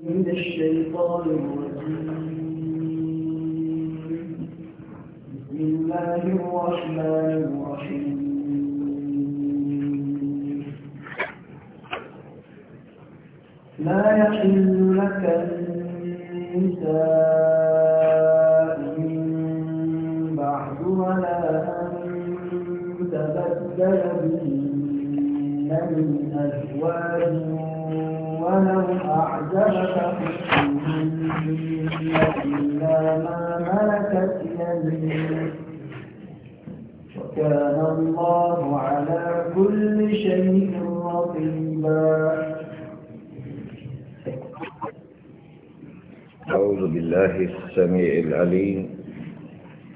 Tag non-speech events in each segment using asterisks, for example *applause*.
من الشيطان لا يحل لك النساء بعد ولا أن تبدل بهن من أزواج ولو أعجبك حسنهن إلا ما ملكت يمينك وكان الله على كل شيء رقيبا أعوذ بالله السميع العليم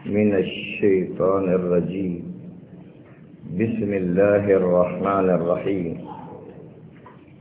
من الشيطان الرجيم بسم الله الرحمن الرحيم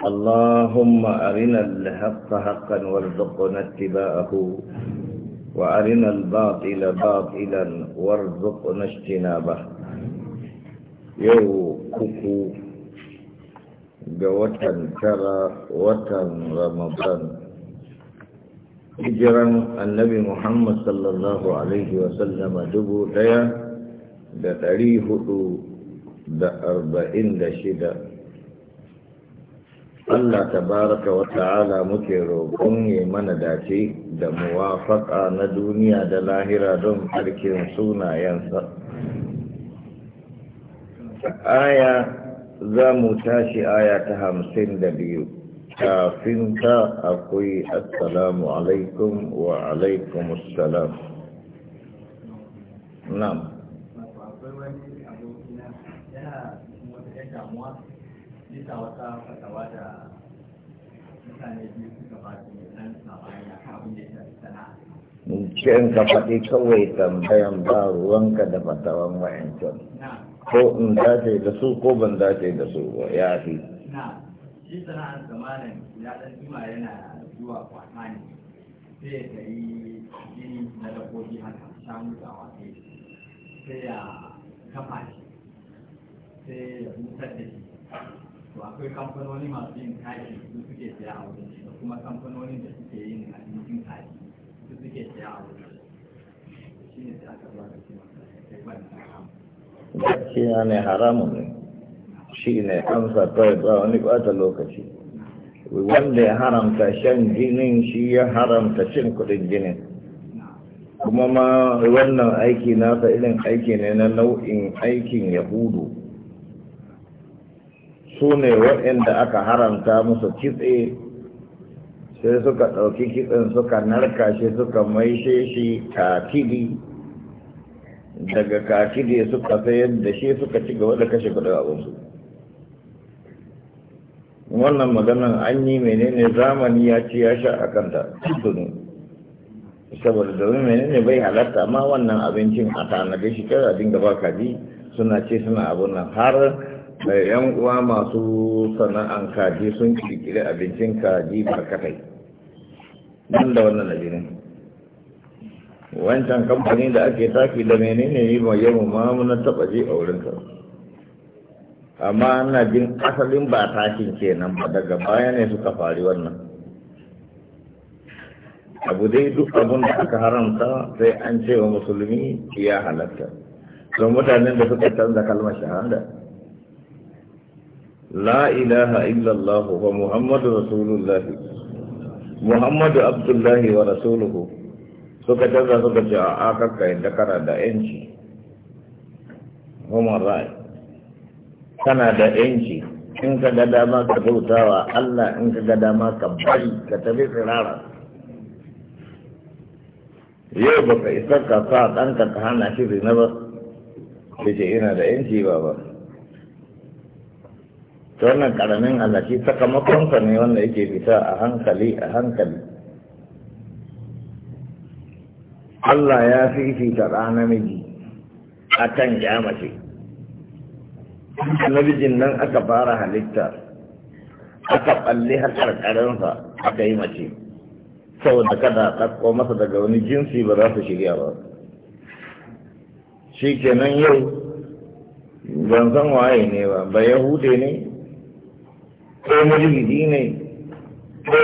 اللهم أرنا الحق حقا وارزقنا اتباعه وأرنا الباطل باطلا وارزقنا اجتنابه يو كوكو جواتن كرا وتن رمضان هجرا النبي محمد صلى الله عليه وسلم جبو ديا بتريه دو بأربعين دشدا Allah tabaraka wa ta'ala muke roƙon ya mana dace da muwafaka na duniya da lahira don karkin sunayensa. Aya za mu tashi aya ta hamsin da biyu, kafin ta akwai assalamu alaikum wa alaikum assalam. Nam. bisa wata fatawa da mutane biyu suka ba su ne nan sabani a kan abin da ya sana'a in ka faɗi kawai tambayan ba ruwanka da fatawan wa'ancan ko in dace da su ko ban dace da su ba ya fi shi sana'ar zamanin ya ɗan jima yana zuwa kwata ne sai ya sayi jini na dabbobi haka shanu da wafe sai ya kafa shi sai ya busar da shi to akwai kamfanoni masu yin kaji su suke siya a wurin da kuma kamfanoni da suke yin abincin kaji su suke siya a wurin shi ne aka zuwa da shi gaskiya ne haramun ne shi ne amsa kawai ba wani bata lokaci wanda ya haramta shan jinin shi ya haramta cin kudin jinin kuma ma wannan aiki nasa irin aiki ne na nau'in aikin yahudu su ne waɗanda aka haramta musu kitse sai suka ɗauki kitsen suka narka shi suka maishe shi kakidi daga kakidi suka sayar da shi suka ci gaba da kashe kuɗi a wasu wannan maganan an yi menene zamani ya ci ya sha a kanta tuntuni saboda domin menene bai halatta ma wannan abincin a tanade shi kada dinga ba kaji suna ce suna abun nan har mai yan uwa masu sana'an kaji sun kirkiri abincin kaji barkatai nan da wannan ne. wancan kamfani da ake taki da menene yi mai yamma ma muna taba je a wurin ka amma ana jin asalin ba takin kenan ba daga baya ne suka faru wannan abu dai duk abun da aka haramta sai an ce wa musulmi ya halatta don mutanen da suka canza kalmar shahada La ilaha إلا wa Muhammadu رسول Muhammadu Abdullahi wa rasuluhu suka canza suka ce a kakka yadda kana da yanci human right kana da yanci in ka ga dama ka bautawa Allah in ka ga dama ka bari ka tafi tsirara yau baka isa ka sa ɗanka ka hana shi zina ba ce ina da yanci ba ba Ta wannan karamin Allah shi sakamakonsa ne wanda yake fita a hankali a hankali Allah ya fifita ɗa namiji a kan ya namijin nan aka fara halitta aka ɓalli har ƙarƙarinsa aka yi mace saboda kada ɗakko masa daga wani jinsi ba za su shirya ba shi kenan yau ban san waye ne ba ba yahude ne ko mulhidi ne ko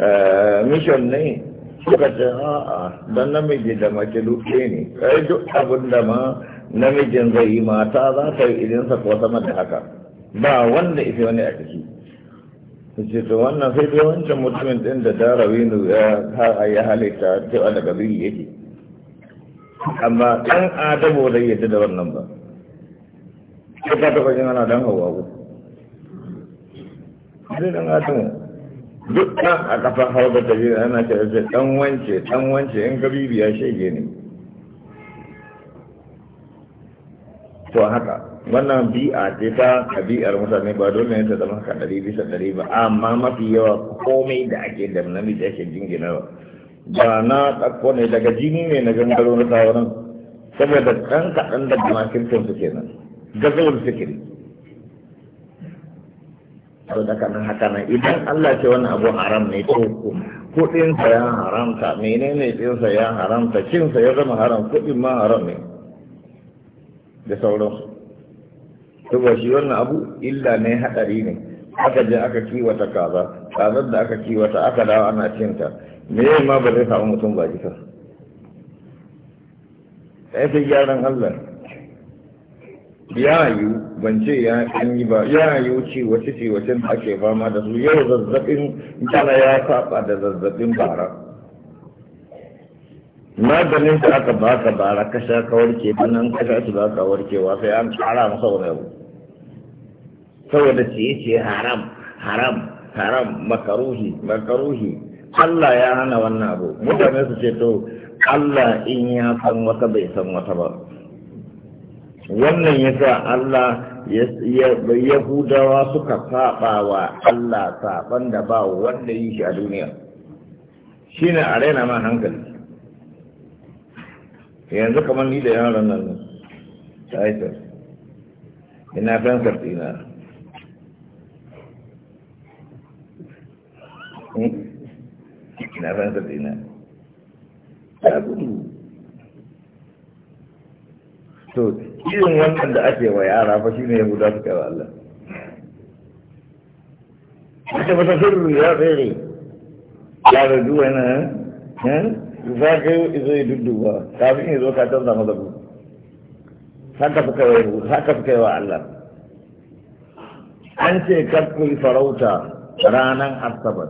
eh, mission ne suka ce a'a don namiji da mace duke ne kai duk abin da ma namijin zai yi mata za ta yi sa ko sama da haka ba wanda ife wani a ciki ce to wannan sai dai wancan mutumin din da darawinu ya ya halitta cewa daga biyu yake amma ɗan adamu da yadda da wannan ba. ko ta kwanin ana don hawa ku. sai dan adam duk ɗan a kafar harba ta jira ana ce ce ɗan wance ɗan wance in ka bibiya shege ne to haka wannan bi'a ce ta ɗabi'ar mutane ba dole ne ta zama haka ɗari bisa ɗari ba amma mafi yawa komai da ake da namiji ake jingina ba na ɗauko ne daga jini ne na gangaro na tawaran saboda ɗan kaɗan da makirkin su kenan gazawar sikiri to da kana haka nan idan Allah ce wani abu haram ne to kuɗinsa ya haramta menene ɗinsa ya haramta cinsa ya zama haram kudin ma haram ne da to ba shi wannan abu illa ne haɗari ne aka je aka kiwata kaza kazar da aka kiwata aka dawo ana cinta me ma ba zai samu mutum ba jika sai sai gyaran Allah ya yiwu ban ce ya yi ba ya yiwu wace ce wace da ake fama da su yau zazzabin bana ya saba da zazzabin bara maganin da aka baka bara ka sha ka warke banan ka sha shi warke warkewa sai an tsara masa wani abu saboda ciye ciye haram haram haram makaruhi makaruhi Allah ya hana wannan abu mutane su ce to Allah in ya san wata bai san wata ba wannan ya sa Allah Yahudawa suka saba wa Allah saban da ba wanda yi shi a duniya shi ne a raina ma hankali yanzu kamar ni da yaran nan ta ina fensar hmm? ina fensar dina ta gudu to irin wannan da ake wa yara fa shine ya buda suka wa Allah ita bata sirru ya tsere ya da duwa wani eh? za ka yi izo yi dudduwa kafin ya zo ka canza masa ku haka suka yi haka suka yi wa Allah an ce kakkul farauta ranar asabar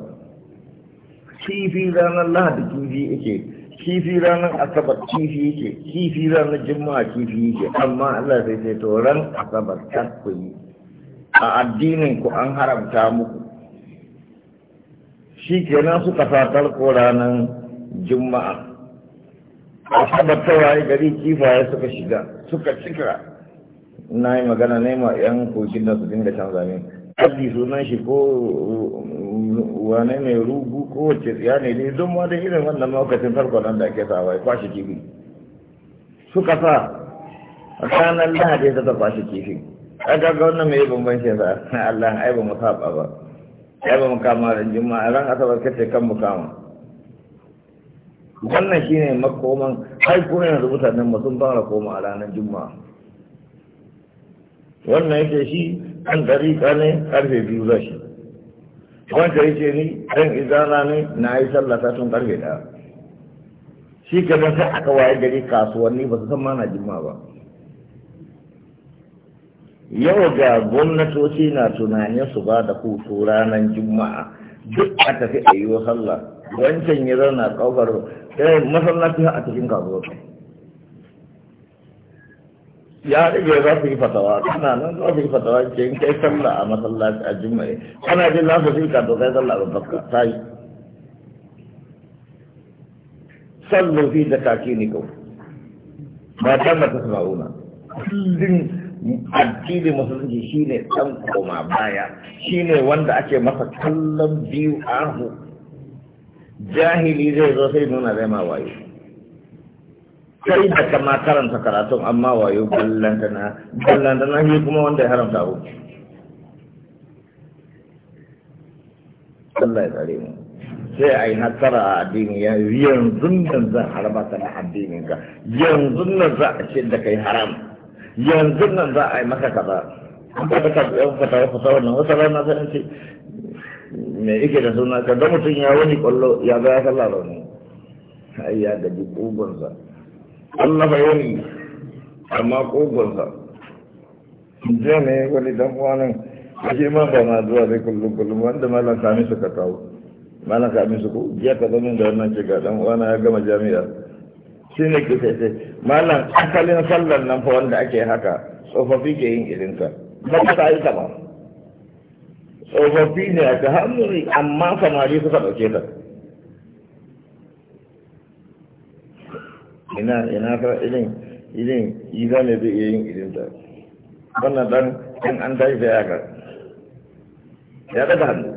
kifi ranar lahadi kifi ake kifi ranar asabar kifi yake kifi ranar juma'a kifi yake amma Allah sai ce to ran asabar kan ku yi a addinin ku an haramta muku shi kenan suka fatar ko ranar juma'a asabar ta waye gari kifaye suka shiga suka cika na yi magana nema yan kokin da su dinga canza min sunan shi ko wane mai rugu kowace tsiya ne dai don ma da irin wannan lokacin farko nan da ake sawa ya kwashe kifi suka sa a kanan lahadi ta kwashe kifi a gaggawa wannan mai bambanci sa *laughs* Allah ai ba mu saba ba ai ba mu kama ran juma'a ran asabar kace kan mu kama wannan shine makoman ai ko yanzu mutanen mu sun fara koma a ranar juma'a wannan yake shi an dariƙa ne karfe biyu za shi yi yake ni ɗan izana ne na yi sallah ta tun karfe ɗaya shi ka sai aka waye gari kasuwanni ba su san mana jima ba yau ga gwamnatoci na tunanin su ba da hutu ranar juma'a duk a tafi a yi sallah wancan ya zauna kofar eh, masallaci a cikin kasuwa ya rage za su yi fatawa kana nan za su yi fatawa ke yin kai sallah a masallaci a juma'a kana jin za su yi ka to kai sallah a babbar ta yi sallu fi da kaki ne kau ba ta mata una kullum addini musulunci shi ne ɗan koma baya shi ne wanda ake masa kallon biyu ahu jahili zai zo sai nuna zai ma waye kai da kama karanta karatun amma wayo ballanta na ballanta na kuma wanda ya haramta abu Allah ya tsare mu sai a yi nasara a addini yanzu nan zan ta na addinin ka yanzu nan za a ce da kai haram yanzu nan za a yi maka kaza an ka ta yan fata fata wannan wata rana sai ce me ike da suna ka da mutum ya wani kwallo ya ga ya kalla rauni ai ya gaji kugunsa Allah bai wani amma kogonsa jiya ne wani dan a shi ma ba na zuwa zai kullum kullum wanda malam sami ka kawo malam sami su ko jiya ka zama da wannan ce ga dan uwana ya gama jami'a shi ne ke sai malam asalin sallar nan fa wanda ake haka tsofaffi ke yin irinta ba ka ta yi ta ba tsofaffi ne a aka hannu amma samari suka ɗauke ta ina ina fa irin irin iza ne zai iya yin irin da wannan dan in an tashi da yaga ya daga hannu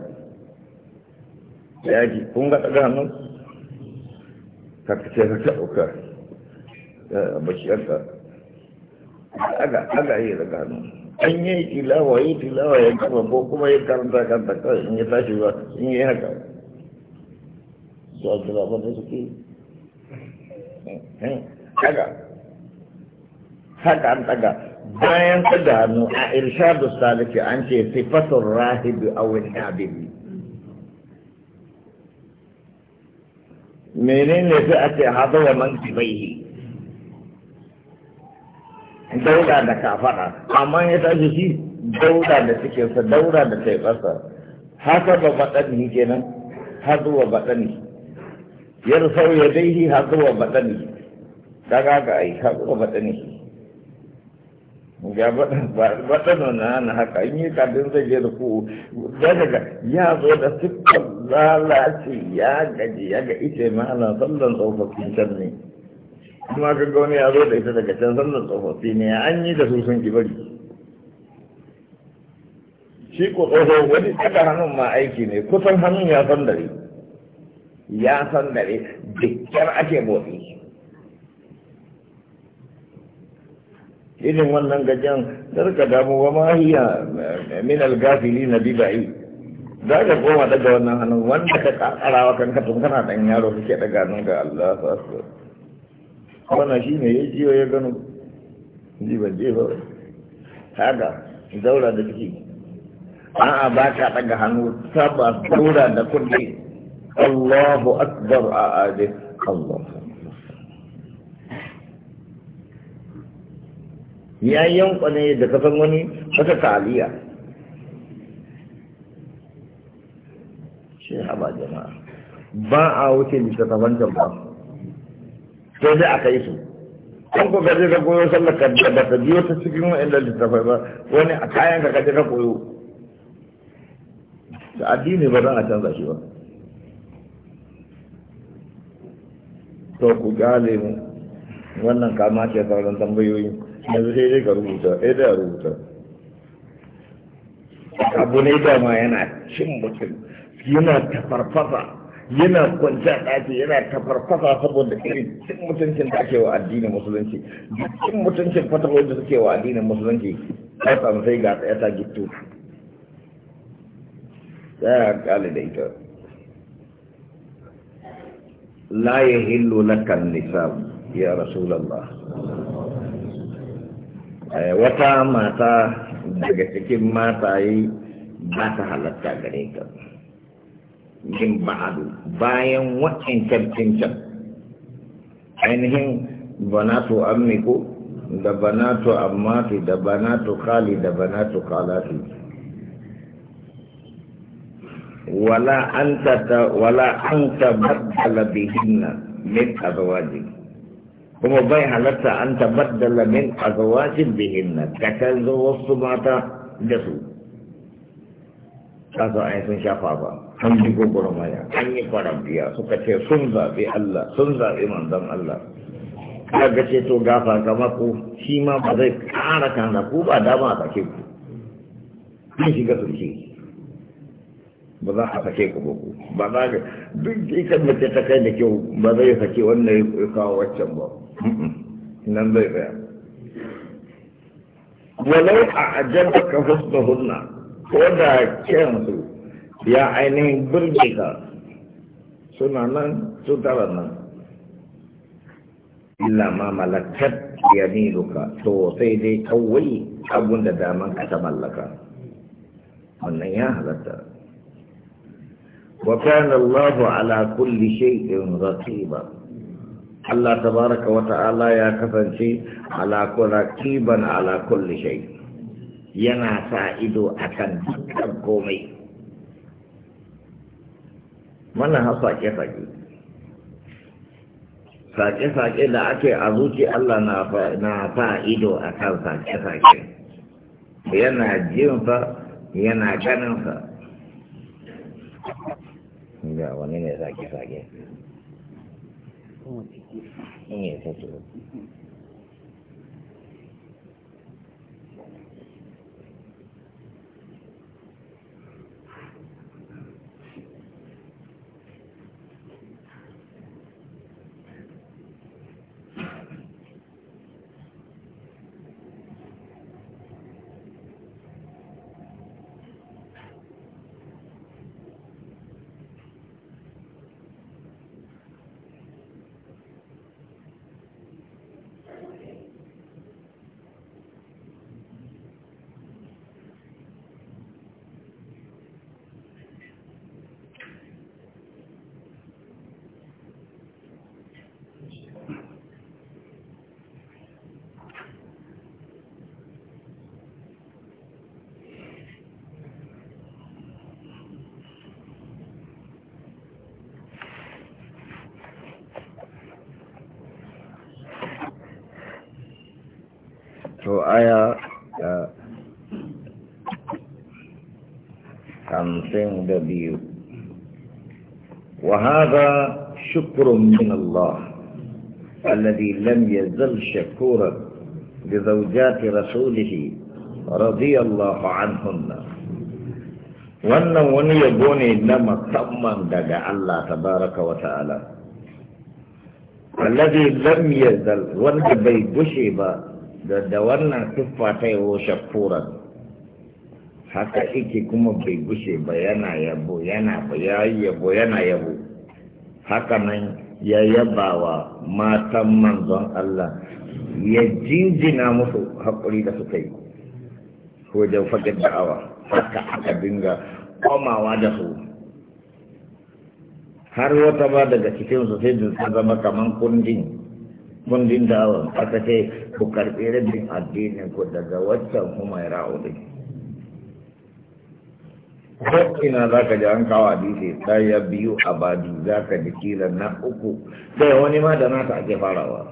ya ji kun ga daga hannu ka fice ka ta dauka bashiyarsa aga aga yi daga hannu an yi tilawa yi tilawa ya gaba ko kuma ya karanta kanta kawai in ya tashi ba in yi haka su abdullahi ba da suke Hmm, daga haka an daga bayan ta hannu a irshadu saliki an ce sifatun rahibi a wani abin menene sai a ce haɗu wa man kibaihi dauda da kafara amma ya ta shi dauda da cikinsa dauda da taifarsa haka ba baɗani kenan haɗu wa baɗani yar sauya ya daihi wa wa baɗani kaga ga ai ka ko batani ga n'o na na haka in ka kadin da je da ku daga ya zo da siffar lalace ya gaji ya ga ita ma ana sallan tsofaffin can ne kuma ga wani ya zo da ita daga can sallan tsofaffi ne an yi da su sun ki bari shi ko tsoho wani daga hannun ma aiki ne kusan hannun ya san dare ya san dare ake motsi irin wannan gajen darka damu wa mahiya min al al-gafili na biba'i za ka koma daga wannan hannun wanda ka kakarawa kan ka tun kana dan yaro kake daga nan ga Allah fa so wannan shi ne ya jiyo ya gano ji ban je ba haka zaura da a a'a ba ka daga hannu saba zaura da kudi Allahu akbar a Allahu. ya yanko ne da kasan wani wata taliya shi haba jama'a ba a wuce kasan jama'a sai dai a kai su kan ko gaje ka koyo sallar kadda ba ta biyo ta cikin wa'annan littattafai ba wani a kayan ka kaje ka koyo da addini ba za a canza shi ba to ku gale mu wannan kama ce sauran tambayoyin yanzu sai dai ka rubuta dai da rubuta abu ne dama yana cin mutum yana tafarfasa yana kwanci a ɗaki yana tafarfasa saboda irin cin mutuncin da ake wa addinin musulunci cin mutuncin fatawar da suke wa addinin musulunci ta samu sai ga tsaye ta gittu ya kale da ita la yahillu lakan nisab ya rasulullah Eh, wata mata daga cikin mataye ba ta halatta gare ka yin ba'adu bayan wa'ancan cincan ainihin banatu ammiku da banatu ammati da banatu khali da banatu khalati wala an ta wala anta baddala bihinna min azwajik kuma bai halatta an tabaddala min azwajin bihinna ka canzo wasu mata da su kasu ai sun shafa ba an ji gogoron maya an yi farambiya suka ce sun zaɓi Allah sun zaɓi manzon Allah kaga ce to gafa kama ku shi ma ba zai ƙara kanza ku ba dama a sake ku an shiga sulhi ba za a sake ku ku ba za ka duk ikan mace ta kai da kyau ba zai sake wannan ya kawo waccan ba nan zai tsaya walau a ajanta ka fuska hunna ko da kiransu ya ainihin birge ka suna nan su tara nan illa ma malakat yaminuka to sai dai kawai abun da daman ka ta mallaka wannan ya halatta wa kana Allahu ala kulli shay'in raqiba Allah tabaraka wa ta'ala ya kasance ala raqiban ala kulli shay yana sa ido akan dukkan komai wannan hasa ke sake sake-sake da ake a zuci Allah na sa ido a kan sake-sake yana jinsa yana ganinsa ga wani ne sake-sake 那也不值。saya ya, something da biyu wahada syukrum min Allah alladhi lam yazal شكورا لزوجات رسوله rasulih الله anhunna wannan wani yabo ne na musamman daga Allah tabaraka wa ta'ala alladhi lam yazal wanda bai bushe ba da da wannan siffa ta yi shafuran haka ike kuma bai gushe ba yana yabo yana ya yabo yana yabo haka nan ya yaba wa matan manzon Allah ya jinjina musu haƙuri da suka yi ko wajen fagen da'awa haka aka dinga komawa da su har wata ba daga cikin cikinsu sai da zama kaman kundin kundin dawon aka ce ku karɓi rabin addinin ku daga waccan kuma ya ra'udu ina za ka ji an kawo hadisi ɗaya biyu a badi za ka ji kila na uku sai wani ma da nasa ake farawa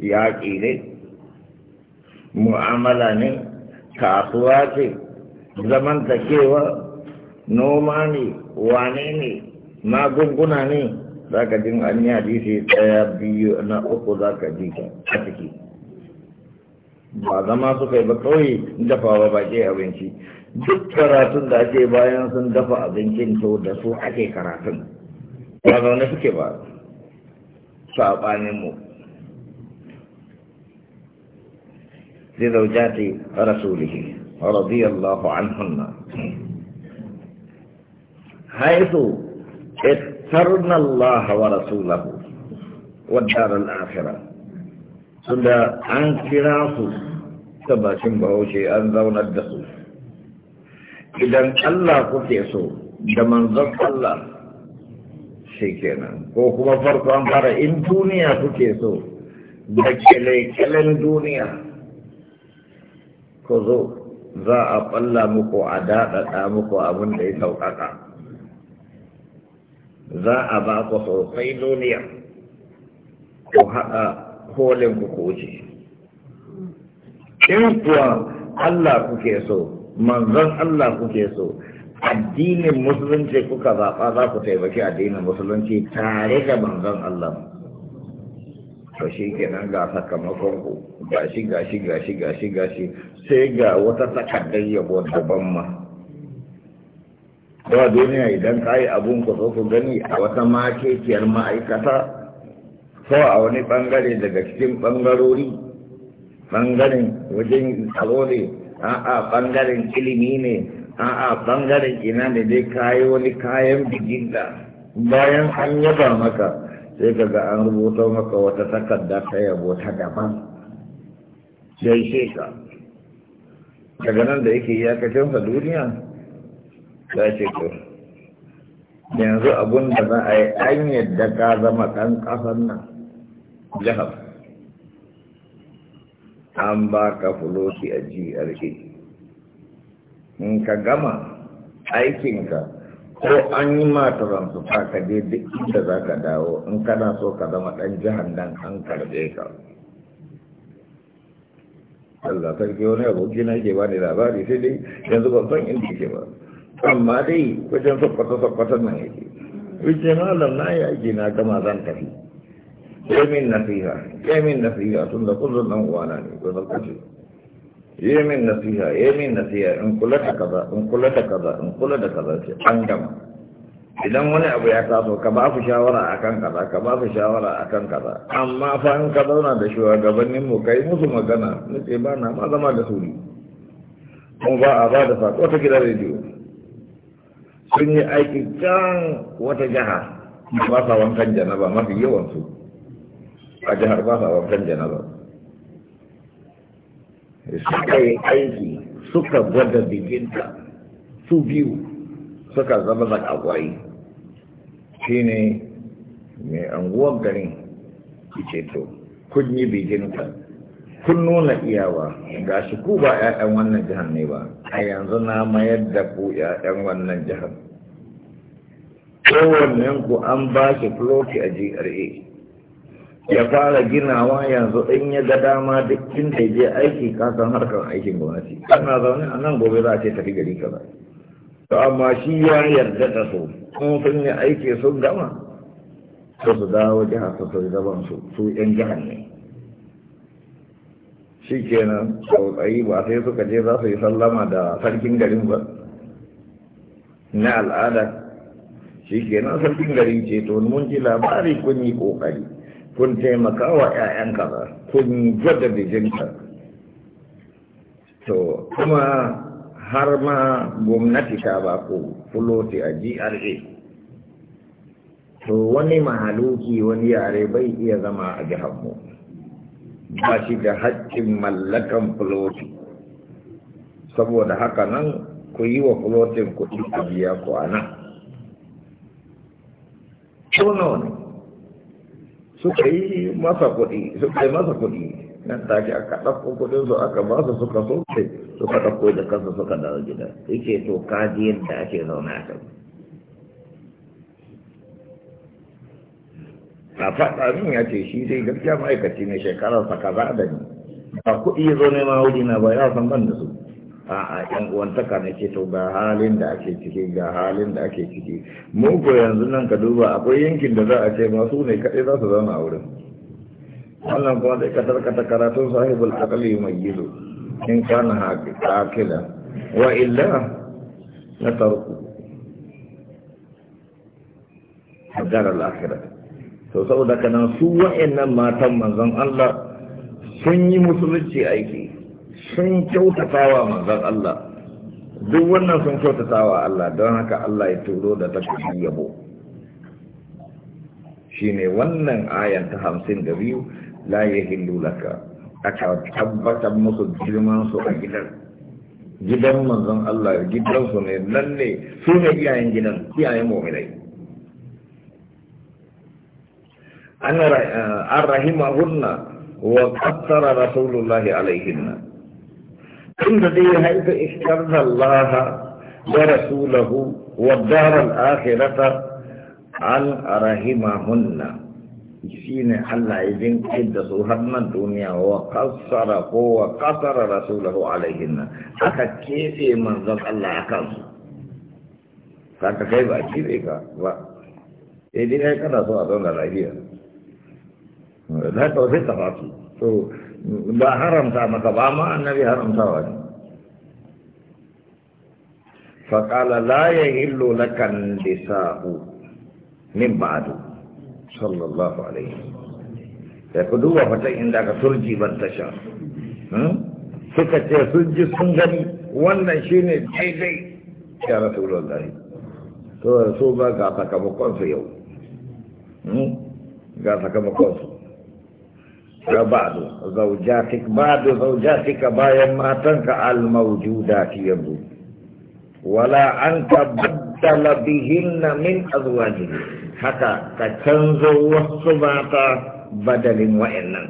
yaƙi ne mu'amala ne kasuwa ce zamantakewa noma ne wane ne magunguna ne za ka jin an yi hadisi ɗaya biyu na uku za ka ji a ciki ba zama suka yi ba kawai dafa ba ke abinci duk karatun da ake bayan sun dafa abincin to da su ake karatun ba zaune suke ba saɓanin mu zai zaujati rasulihi radiyallahu anhunna haitu ترنا الله ورسوله والدار الآخرة سندا عن كراسو سبا بهوشي أن ذون الدخول إذن الله قلت كتيسو دمن ذات الله شيكينا وكما فرق أنفر إن دنيا كتيسو دكالي كلم دنيا كذو ذا أب الله muku a أمكو أمن لي da za a ba ku sosai duniya ku haɗa holin ku kuce in kuwa Allah kuke so manzon Allah kuke so addinin musulunci kuka zaɓa za ku taimaki addinin musulunci tare da manzon Allah to shi kenan ga sakamakon ku gashi gashi gashi gashi gashi sai ga wata takardar yabo daban ma yawa duniya idan ka yi abun ku so ku gani a wata makekiyar ma'aikata ko a wani bangare daga cikin bangarori bangaren wajen tsaro ne a'a bangaren ilimi ne a'a bangaren ina ne dai kayi wani kayan bigin da bayan an yaba maka sai ka ga an rubuta maka wata takarda ta yabo ta daban sai ka daga nan da yake iyakacinsa duniya za ce to yanzu abun da za a yi an yadda ka zama ɗan ƙasar nan jihar an ba ka fuloti a GRA in ka gama aikinka ko an yi ma transfer ka je duk inda za ka dawo in kana so ka zama ɗan jihar nan an karɓe ka Allah sarki wani aboki na ke ba ne labari sai dai yanzu ban san inda ke ba amma dai wajen tsakwata-tsakwatan nan yake wajen malam na ya ake na gama zan tafi yamin fiha yamin nasiha tun da nan dan uwana ne ko zan kace yamin nasiha yamin fiha in kula da kaza in kula da kaza in kula da kaza ce an gama idan wani abu ya taso ka ba fi shawara kan kaza ka ba fi shawara kan kaza amma fa in ka zauna da shugabannin mu kai musu magana na ce ba na ma zama da suri kuma ba a ba da sako ta gidan rediyo sun yi aiki can wata jaha ba sa wankan janaba mafi yawansu a jihar ba sa wankan janaba suka yi aiki suka gwada bikinta su biyu suka zama da kakwai shi ne mai anguwan garin ce to kun yi bikinta kun nuna iyawa ga shi ku ba 'ya'yan wannan jihar ne ba a yanzu na mayar da ku 'ya'yan wannan jihar Kowanne ku an ba shi floki a GRA ya fara ginawa yanzu in ya ga dama duk inda je aiki kasan harkar aikin gwamnati kana zaune a nan gobe za a ce tafi gari kaza to amma shi ya yarda da su kuma sun yi aiki sun gama su su dawo jihar su su zaman su su 'yan jihar ne shi kenan tsautsayi ba sai suka je za su yi sallama da sarkin garin ba na al'ada shi kenan sarkin garin ce to mun ji labari kun yi kokari kun taimaka wa 'ya'yan kaza kun gwada bijinka to kuma har ma gwamnati ka ba ku fuloti a GRA to wani mahaluki wani yare bai iya zama a jihar mu ba shi da haƙƙin mallakan floti saboda haka nan ku yi wa fulotin kuɗi a biya ku a nan tono ne suka yi masa kuɗi suka yi masa kuɗi nan ke aka ɗauko kuɗin su aka ba su suka soke suka ɗauko da kansa suka dawo gida yake to kaji da ake zaune a kan a faɗa min ya ce shi dai gaskiya ma'aikaci ne shekarar sa kaza da ni ba kuɗi ya zo nema wuri na ba ya san ban da su a a yan uwantaka ne ce to ga halin da ake ciki ga halin da ake ciki mu ko yanzu nan ka duba akwai yankin da za a ce masu ne kaɗai za su zama a wurin wannan kuma da kasar kata karatun sahibul akali mai gizo in kana hakila wa illa na tarku a to saboda kana su wa'annan matan manzon Allah sun yi musulunci aiki sun kyautatawa manzon Allah duk wannan sun kyautatawa Allah don haka Allah ya turo da takardun yabo Shi ne wannan ayan ta hamsin da biyu la hindu laka aka tabbatar musu girman su a gidan gidan manzon Allah gidan su ne lalle su ne iyayen gidan iyayen mominai آه، أن رحمهن وقدر رسول الله عليهن إن ذي حيث اشترى الله ورسوله والدار الآخرة عن رحمهن شين الله إذن قد سوهرنا الدنيا وقصر وقصر رسوله عليهن أكا كيفي من ذات الله أكاسو فأنت كيف أكيد إيكا إذن إيكا رسول الله عليهن la ta wasu ta fasu to ba haramta maka ba ma annabi haramta wa ne faƙala la ya hillo lakan lisa'u min ba'adu sallallahu alaihi da ku duba fatan inda ka turji ban tasha hmm? suka ce sun ji sun gani wannan shine daidai ya rasulullahi to rasul ba ga sakamakonsu hmm? yau ga sakamakonsu بعض زوجاتك بعض زوجاتك باين ما تنكع الموجودات يبدو ولا أنت بدل بهن haka ka حتى تتنزو mata بدل wa'annan.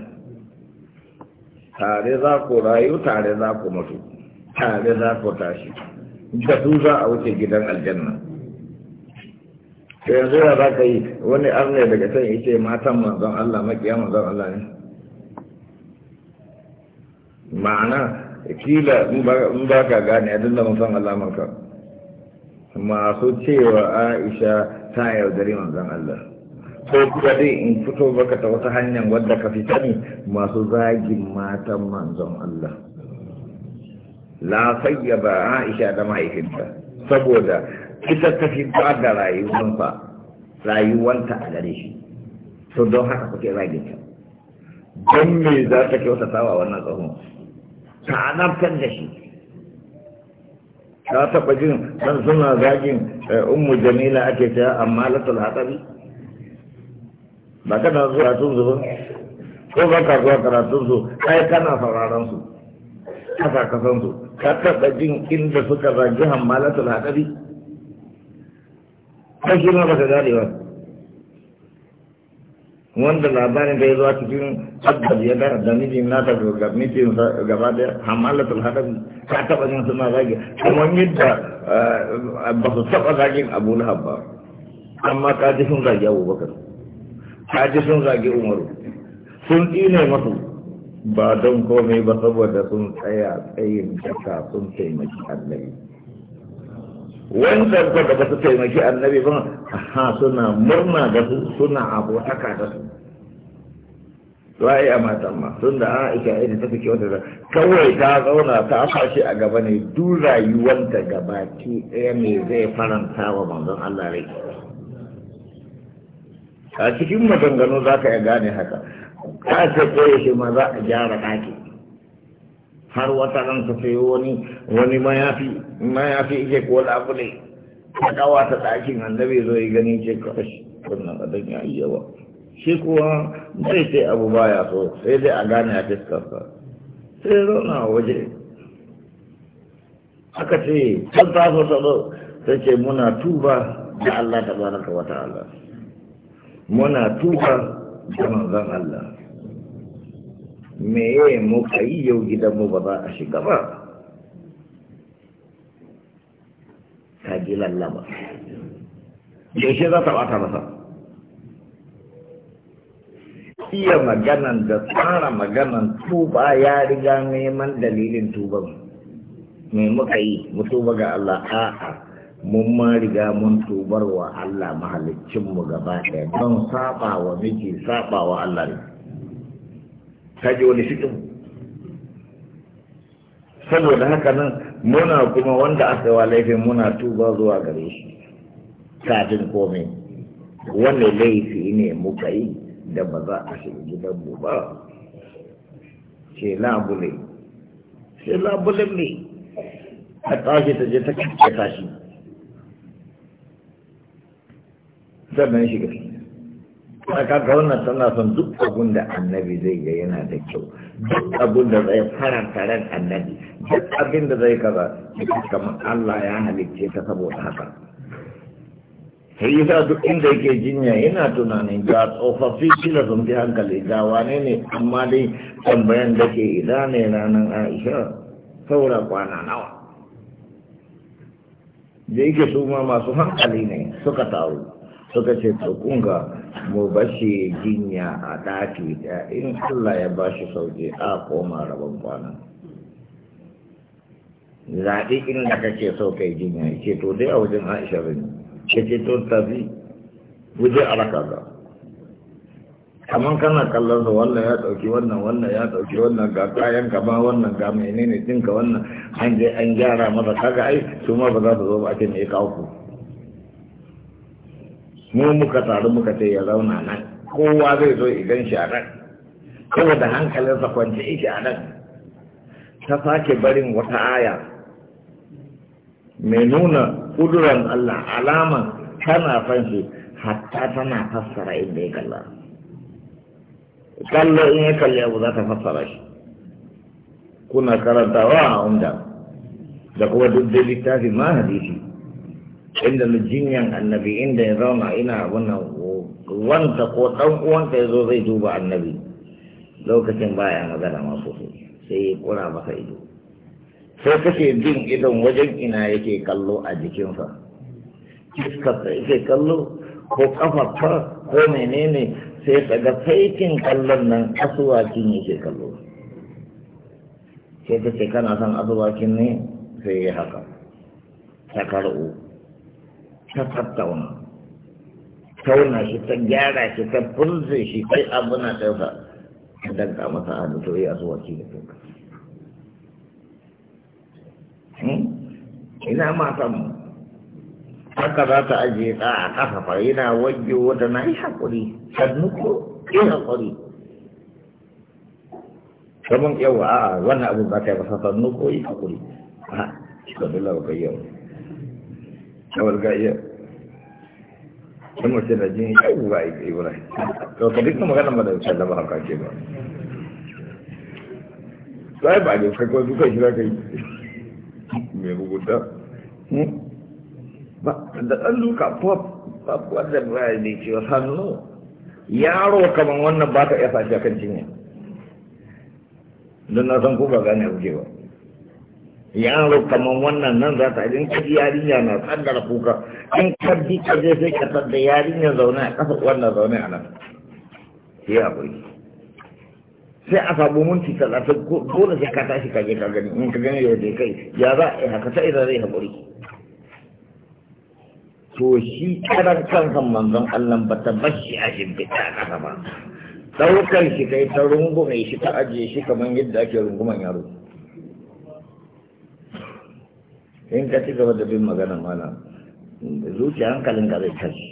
tare za ku rayu tare za ku mutu tare za ku tashi da za a wuce gidan aljanna yanzu ya za ka yi wani arne daga can ya ce matan manzon Allah makiya manzon Allah ne ma'ana kila in ba ka gane a dinda mun san alamarka masu cewa aisha ta yaudari manzon Allah ko kuma dai in fito baka ta wata hanyar wadda ka fita ne masu zagin matan manzon Allah la sayyaba aisha da mahaifinta saboda ita ta fi ba da rayuwanta rayuwanta a gare shi to don haka kuke zagin ta don me za ta kyautata wa wannan tsohon ta anabtar da shi ta taɓa jin dan suna zagin eh, ummu jamila ake ta amma latul haɗari ba kana zuwa tun ba? ko ba ka zuwa karatun su kai kana sauraron su haka ka san su ka taɓa jin inda suka zagi hammalatul haɗari kai shi ma ba ka gane ba wanda labarin da ya zo a cikin haddar ya da da mijin na ta ga mijin gaba da hamalatul hadar ta taba yin suna zagi kuma yadda eh, ba su taba zagin abu lahab ba amma ka ji sun zagi abu bakar ka ji sun zagi umaru sun tsine masu ba don komai ba saboda sun tsaya tsayin kasa sun taimaki annabi wanda ko da basu taimaki annabi ba ha suna murna da su suna abu haka da su wai a matan ma da aisha ita ta fice wata kawai ta zauna ta fashi a gaba ne duk rayuwanta gaba ki ɗaya me zai faranta wa manzon Allah rai a cikin maganganu za ka ya gane haka ka ce shi ma za a gyara ɗaki har wata nan ta sayo wani wani mayafi mayafi ike ko da ne ta kawa ta ɗakin annabi zo yi gani ce kashi wannan adan ya yi yawa shi kuwa zai sai abu baya so sai dai a gane a fiskarsa sai zauna a waje aka ce kan ta so ta zo ta ce muna tuba da Allah tabaraka wata Allah muna tuba da manzan Allah me mu ka yi yau gidanmu ba za a shiga ba ka ji lallaba yaushe za ta bata masa iya maganan da tsara maganan tuba ya riga neman dalilin tuban me muka yi mu tuba ga Allah a'a mun ma riga mun tubar wa Allah mahaliccinmu gaba ɗaya don saba wa miji saba Allah ne kaji wani fikin saboda haka nan muna kuma wanda aka wa laifin muna tuba zuwa gare shi kafin komai Wani laifi ne muka yi da ba za a shiga gidan mu ba ce labule ce labule ne a tashi ta je ta kacce tashi sannan shiga ka ga wannan tana son duk abun da annabi zai ga yana da kyau duk abun da zai faranta ran annabi duk abin da zai kaza kamar Allah ya halicce ta saboda haka sai yasa duk inda yake jinya yana tunanin ga tsofaffi kila sun fi hankali ga wane ne amma dai tambayan da ke ida ne ranar aisha saura kwana nawa da yake su ma masu hankali ne suka taru suka ce to kunga mu bashi jinya a ɗaki ɗaya in Allah ya bashi sauƙi a koma rabon kwanan Zaɗi inda kake so kai jinya ce to dai a wajen Aisha bin ce ce to tafi waje a raka ga kamar kana kallon sa wannan ya ɗauki wannan wannan ya ɗauki wannan ga kayan ma wannan ga menene ɗinka wannan an je an gyara masa kaga ai su ma ba za su zo ba a ce me ya kawo ku mu muka taru muka ce ya zauna nan kowa zai zo idan shi a nan da hankalinsa kwance ike a nan ta sake barin wata aya mai nuna kuduran Allah alama tana fanshi hatta tana fassara inda ya kalla kallo in ya kalli abu za ta fassara shi kuna karantawa a da kuma duk da littafin ma hadisi inda jinyan annabi inda ya zauna ina wannan wanda ko dan uwanka ya zo zai duba annabi lokacin baya magana ma sosai sai ya kura maka ido sai kake bin idon wajen ina yake kallo a jikinsa kiskarsa yake kallo ko kafafa ko menene sai daga saitin kallon nan asuwakin yake kallo sai ta kana son asuwakin ne sai ya haka ta karɓo ta tattauna tauna shi ta gyara shi ta furze shi kai abuna ɗansa ta danka masa a to ya zuwa ki da kanka hmm? ina matan haka za ta ajiye ta a ƙasa fa ina wajen wata na yi haƙuri sannu ko yi haƙuri kamar yawa a wannan abin za ta yi masa sannu nuku yi haƙuri a cikin dole ba kai yau shawar ga iya kuma ce da jini ya yi ba ibrahim to ka duk magana ba da wuce da ba ce ba sai ba ne kai kuma duka shi za ka yi mai rubuta ba da ɗan luka pop pop wanda ba ne ce hannu yaro kamar wannan ba ka iya sashi kan cinya don na san ko ba gane kuke ba yaro kaman wannan nan za ta in kaji yarinya na tsandar kuka in ka bi ka je sai ka tsada yarinya zaune a kasa wannan zaune a nan sai akwai sai a sabu minti talatin dole sai ka tashi ka je ka gani in ka gani yau da kai ya za a yi haka ta idan zai haƙuri to shi karan kansa manzon Allah ba ta bashi a shimfiɗa a ƙasa ba ɗaukar shi kai ta rungume shi ta ajiye shi kamar yadda ake runguman yaro in ka ci gaba da bin magana mana zuciya hankalin ka zai tashi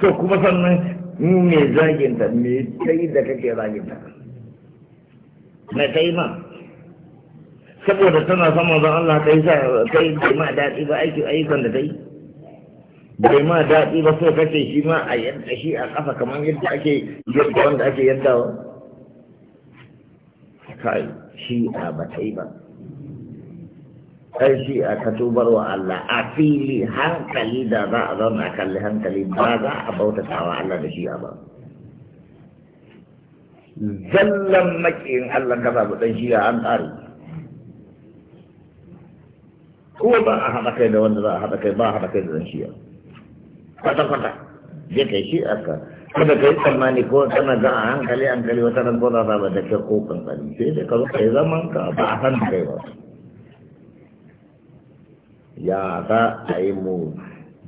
so kuma sannan in me zaginta me kai da kake zaginta me kai ma saboda tana sama zan Allah kai sa kai bai ma daɗi ba aiki ayyukan da kai bai ma daɗi ba so kace shi ma a yadda shi a ƙasa kamar yadda ake yadda wanda ake yadda kai shi a ba ta yi ba ايسي اكتوبر و الله افيلي هنكلي دادا اظن اكل هنكلي دادا ابو تتعوى على دشي ابا زلم ان حلا كذا بتنشي عن تاري هو با احدا كيدا وندا احدا كيدا با احدا كيدا تنشي فتا فتا جيك ايشي اكا كده كده سماني كو تنا جا عن كلي عن كلي وتنا كو دا دا بدك كو كن كلي كده كده كده مانكا با احدا كيدا ya za a yi mu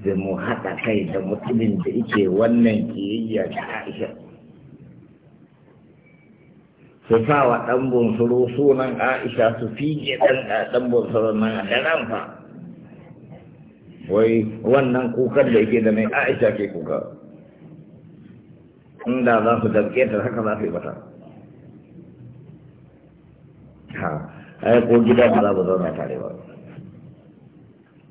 zimu haɗa kai da mutumin da yake wannan kiyayya ta aisha su sa wa ɗan bunsuru sunan aisha su fiye ɗan ɗan bunsuru nan da ranfa wai wannan kukan da yake da mai aisha ke kuka inda za su damke ta haka za su yi mata ha ai ko gida ba za mu zauna tare ba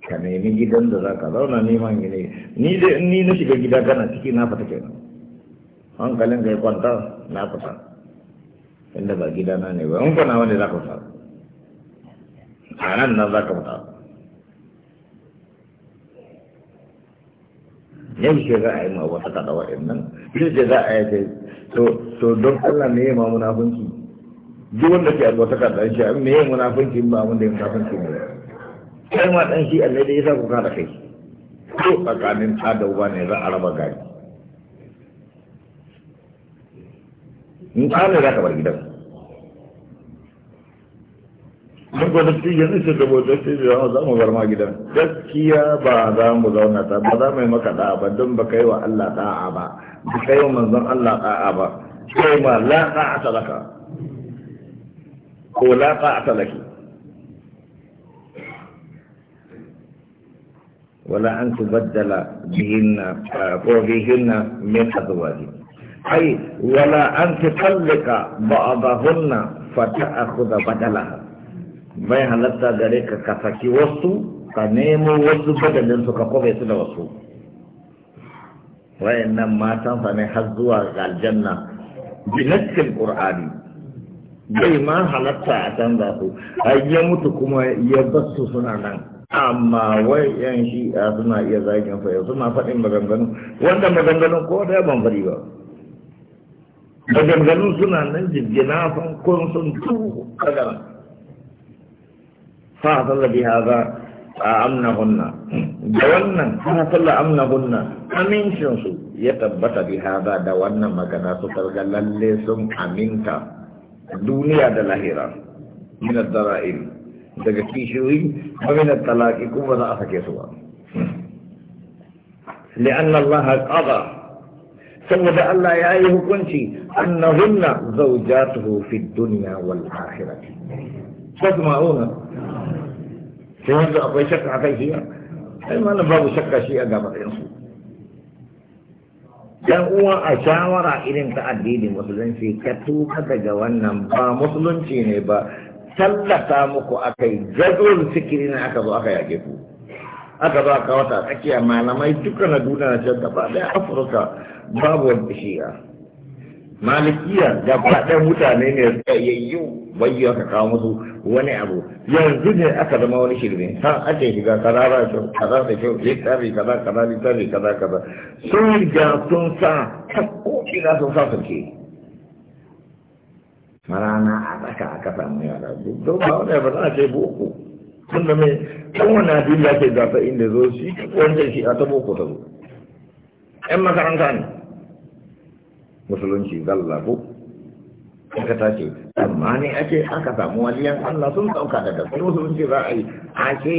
ka nemi gidan da za ka zauna neman gine ni da ni na shiga gida kana ciki na fata kenan hankalin ka ya kwanta na fata inda ba gida na ne ba in kwana wanda za ka fita a nan nan za ka fita yau ce za a yi ma wata kada wa'in nan yau ce za a yi ce to don allah ne ya ma munafunci duk wanda ke alwata kada shi me ya munafunci ba wanda ya munafunci ne kai ma dan shi Allah da ya sa ku kada kai ko tsakanin ta da uba ne za a raba gari in ka ne za ka bar gidan mun gwada su yanzu su gabo da su yawa za mu bar ma gidan gaskiya ba za mu zauna ta ba za mu yi maka da'a ba don ba kai wa Allah da'a ba ba kai wa manzon Allah da'a ba kai ma la da'a talaka ko la da'a talaki ولا أن تبدل بهن وبهن من أزواجه أي ولا أن تطلق بعضهن فتأخذ بدلها bai halatta gare ka ka saki wasu ka nemo wasu badalin su ka kofe su da wasu wayannan matan sa ne har zuwa aljanna binassin qur'ani bai ma halatta a canza su ai ya mutu kuma ya basu suna nan amma wai yan shi'a suna iya zagin fa suna faɗin maganganu wanda maganganun ko da ban bari ba maganganun suna nan jirgina fan kun sun tu kagana fa za a Amna hunna da wannan fa amna hunna amincin su ya tabbata biya za da wannan magana su karga lalle sun aminta duniya da lahira minar ad دغه شوی ومن الطلاق کو ودا افکه سوا لان الله قضى ثم ده الله يا ايه كنتي انهن زوجاته في الدنيا والاخره تسمعون كيف ابو شك عليه هي ما انا باب شك شيء اجاب dan uwa a shawara irin ta addini musulunci ka tuka daga wannan ba musulunci ne ba tallafa muku aka yi gadon sikiri na aka zo aka yake ku aka zo aka wata tsakiya malamai duka na duniya na can gaba ɗaya afirka babu wani shiya malikiya gaba ɗaya mutane ne suka yayyu bayyo aka kawo musu wani abu yanzu ne aka zama wani shirme san ake shiga karara shi kaza da kyau tsari kaza kaza tsari kaza kaza sun yi gasun sa ta ko ina sun sa sun marana a tsaka kasa samu yara don ba wani ba za a ce boko da mai wani abin da ke zafa inda zo shi wanda shi a ta boko ta zo yan makaranta ne musulunci zalla ko aka tashi amma ne ake ah, aka samu waliyan Allah sun sauka daga gaske musulunci za a yi ake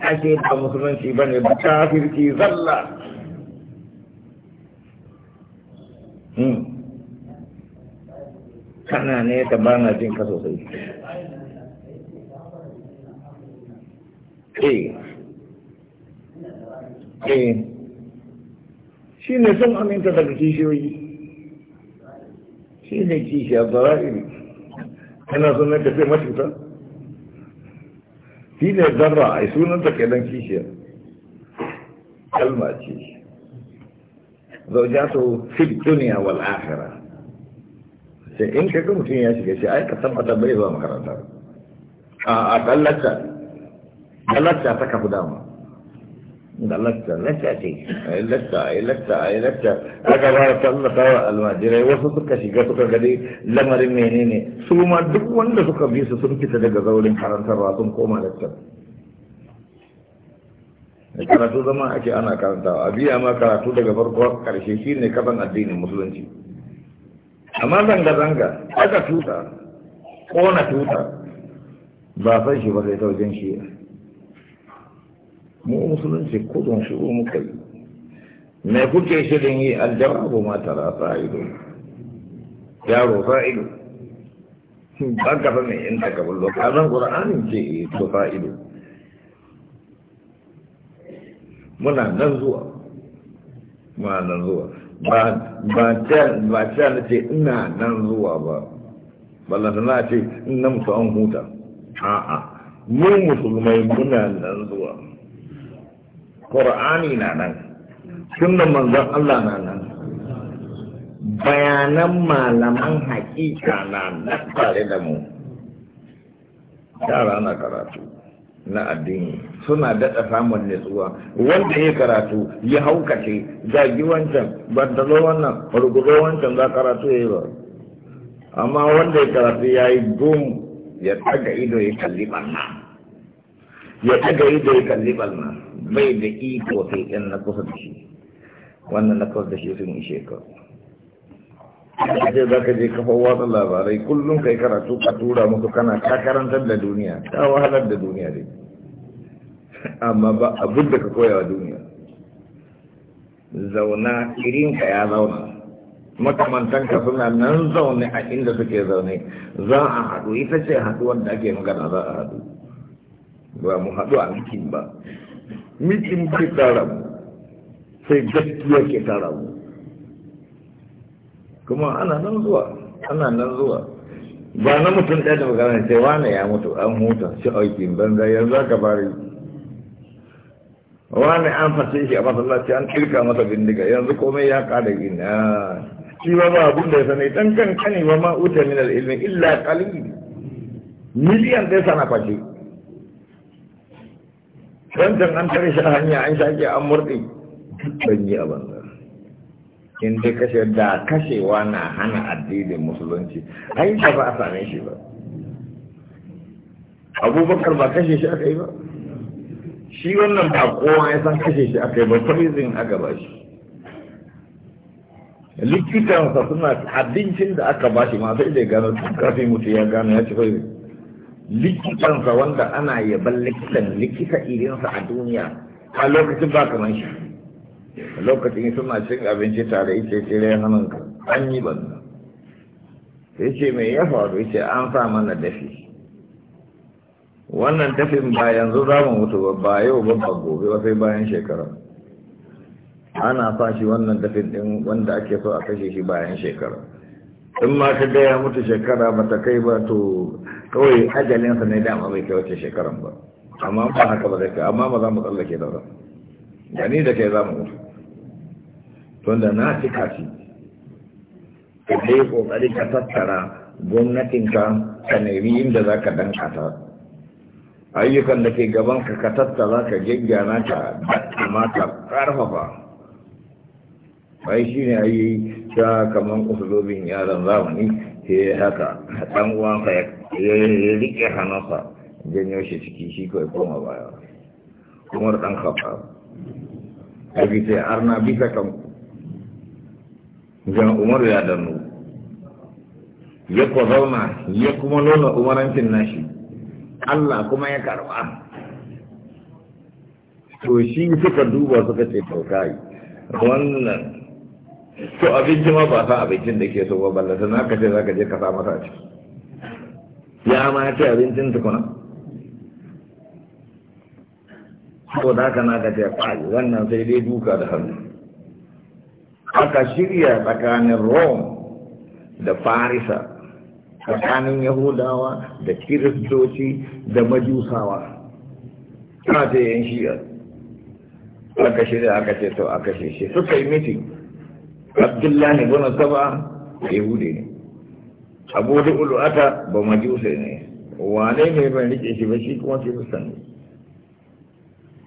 ake ba musulunci ba ne ba kafirci zalla kana ne ta ba na jin ka sosai eh eh shi ne sun aminta daga kishiyoyi shi ne kishiya sunan ka sai shi ne zarra a sunanta kenan kishiyar kalma ce fi duniya wal akhirah sai in ka ga mutum ya shiga shi ai ka tabbata bai zuwa makaranta a a kallata kallata ta kafu dama da lacca latta ce ai lacca, ai latta ai latta aka ba ta tallata wa almajirai wasu suka shiga suka gade lamarin menene su ma duk wanda suka bi su sun fita daga zaurin karantarwa sun koma lacca. karatu zama ake ana karantawa a biya ma karatu daga farko karshe shine kasan addinin musulunci amma zanga-zanga aka tuta kona tuta ba san shi ba sai ta wajen shi mu musulunci kudin shi muka yi me kuke shirin yi aljawabu ma tara sa'ido yaro sa'ido ba ka fa mai yin takabul lokacin qur'anin ce eh, to sa'ido muna nan zuwa muna nan zuwa ba ta na ce ina nan zuwa ba ballanta na ce ina musu an huta a'a mun musulmai muna nan zuwa ƙor'ani na nan sunan manzan Allah na nan bayanan malaman hakika na nan tare da mu yara na karatu na addini suna daɗa samun nutsuwa wanda ya karatu ya haukace zagi wancan bantalo wannan rugudo wancan za karatu ya yi ba amma wanda ya karatu ya yi boom ya taga ido ya kalli barna ya taga ido ya kalli barna bai da iko sai yan na kusa da shi wannan na kusa da shi sun ishe ka ce za ka je kafa watsa labarai kullum kai karatu ka tura musu kana ka karantar da duniya ta wahalar da duniya dai amma ba abin da ka koya wa duniya zauna irinka ya zauna ka suna nan zaune a inda suke zaune za a haɗu ita ce haɗu wanda ake magana za a haɗu ba mu haɗu a mikin ba mikin ke tara mu sai gaskiya ke tara mu kuma ana nan zuwa ana nan zuwa ba na mutum ɗaya da magana sai wane ya mutu an huta shi aikin banza yanzu aka bari wane an fashe shi a masallaci an kirka masa bindiga yanzu komai ya kada gina shi ba ba abun da ya sanai dan kan kani ba ma wuce min al'ilmi illa kalili miliyan ɗaya sana fashe wancan an tare shi hanya an shaƙe an murɗe ban yi a banza in dai kashe da kashewa na hana addinin musulunci ai ba ba a same shi ba abubakar ba kashe shi aka yi ba shi wannan ba kowa ya san kashe shi aka yi ba poison aka ba shi likitansa suna abincin da aka ba shi masu ilai gano kafin mutu ya gano ya ci poison likitansa wanda ana yaban likitan likita irinsa a duniya a lokacin ba kamar shi lokacin suna cin abinci tare ita tsire hannunka an yi banza Ya ce mai ya faru ce an sa mana dafi wannan dafin ba yanzu za mu mutu ba ba yau ba ba gobe ba sai bayan shekara ana sa shi wannan dafin din wanda ake so a kashe shi bayan shekara in ma ka gaya mutu shekara ba ta kai ba to kawai ajalinsa ne dama bai kai wace shekaran ba amma ba haka ba zai kai amma ba za mu tsallake da ba Gani da kai za mu mutu tunda na fi shi ka dai kokari ka tattara gwamnatinka ka nemi inda za ka danka ta ayyukan da ke gaban ka ka tattara ka gyaggyana ka kuma ka karfafa bai shi ne yi ta kamar usulobin yaran zamani ke haka dan uwanka ya rike hannunsa janyo shi ciki shi kawai koma baya da dan kafa a bisa arna bisa kan ga umaru ya dannu ya ko zauna ya kuma nuna umarancin nashi Allah kuma ya karba to shi suka duba suka ce kai wannan to abinci ma ba sa abincin da ke so ba balla na ka ce za je ka sa mata a ya ma ya ce abincin tukuna ko da ka na ka ce kai wannan sai dai duka da hannu aka shirya tsakanin rome da farisa tsakanin yahudawa da kiristoci da majusawa ana ta yin shi'a aka shirya aka ce to aka shi suka yi mitin abdullahi bin saba yahudi ne abu da ulu'ata ba majusa ne wane ne ban rike shi ba shi kuma kiristan ne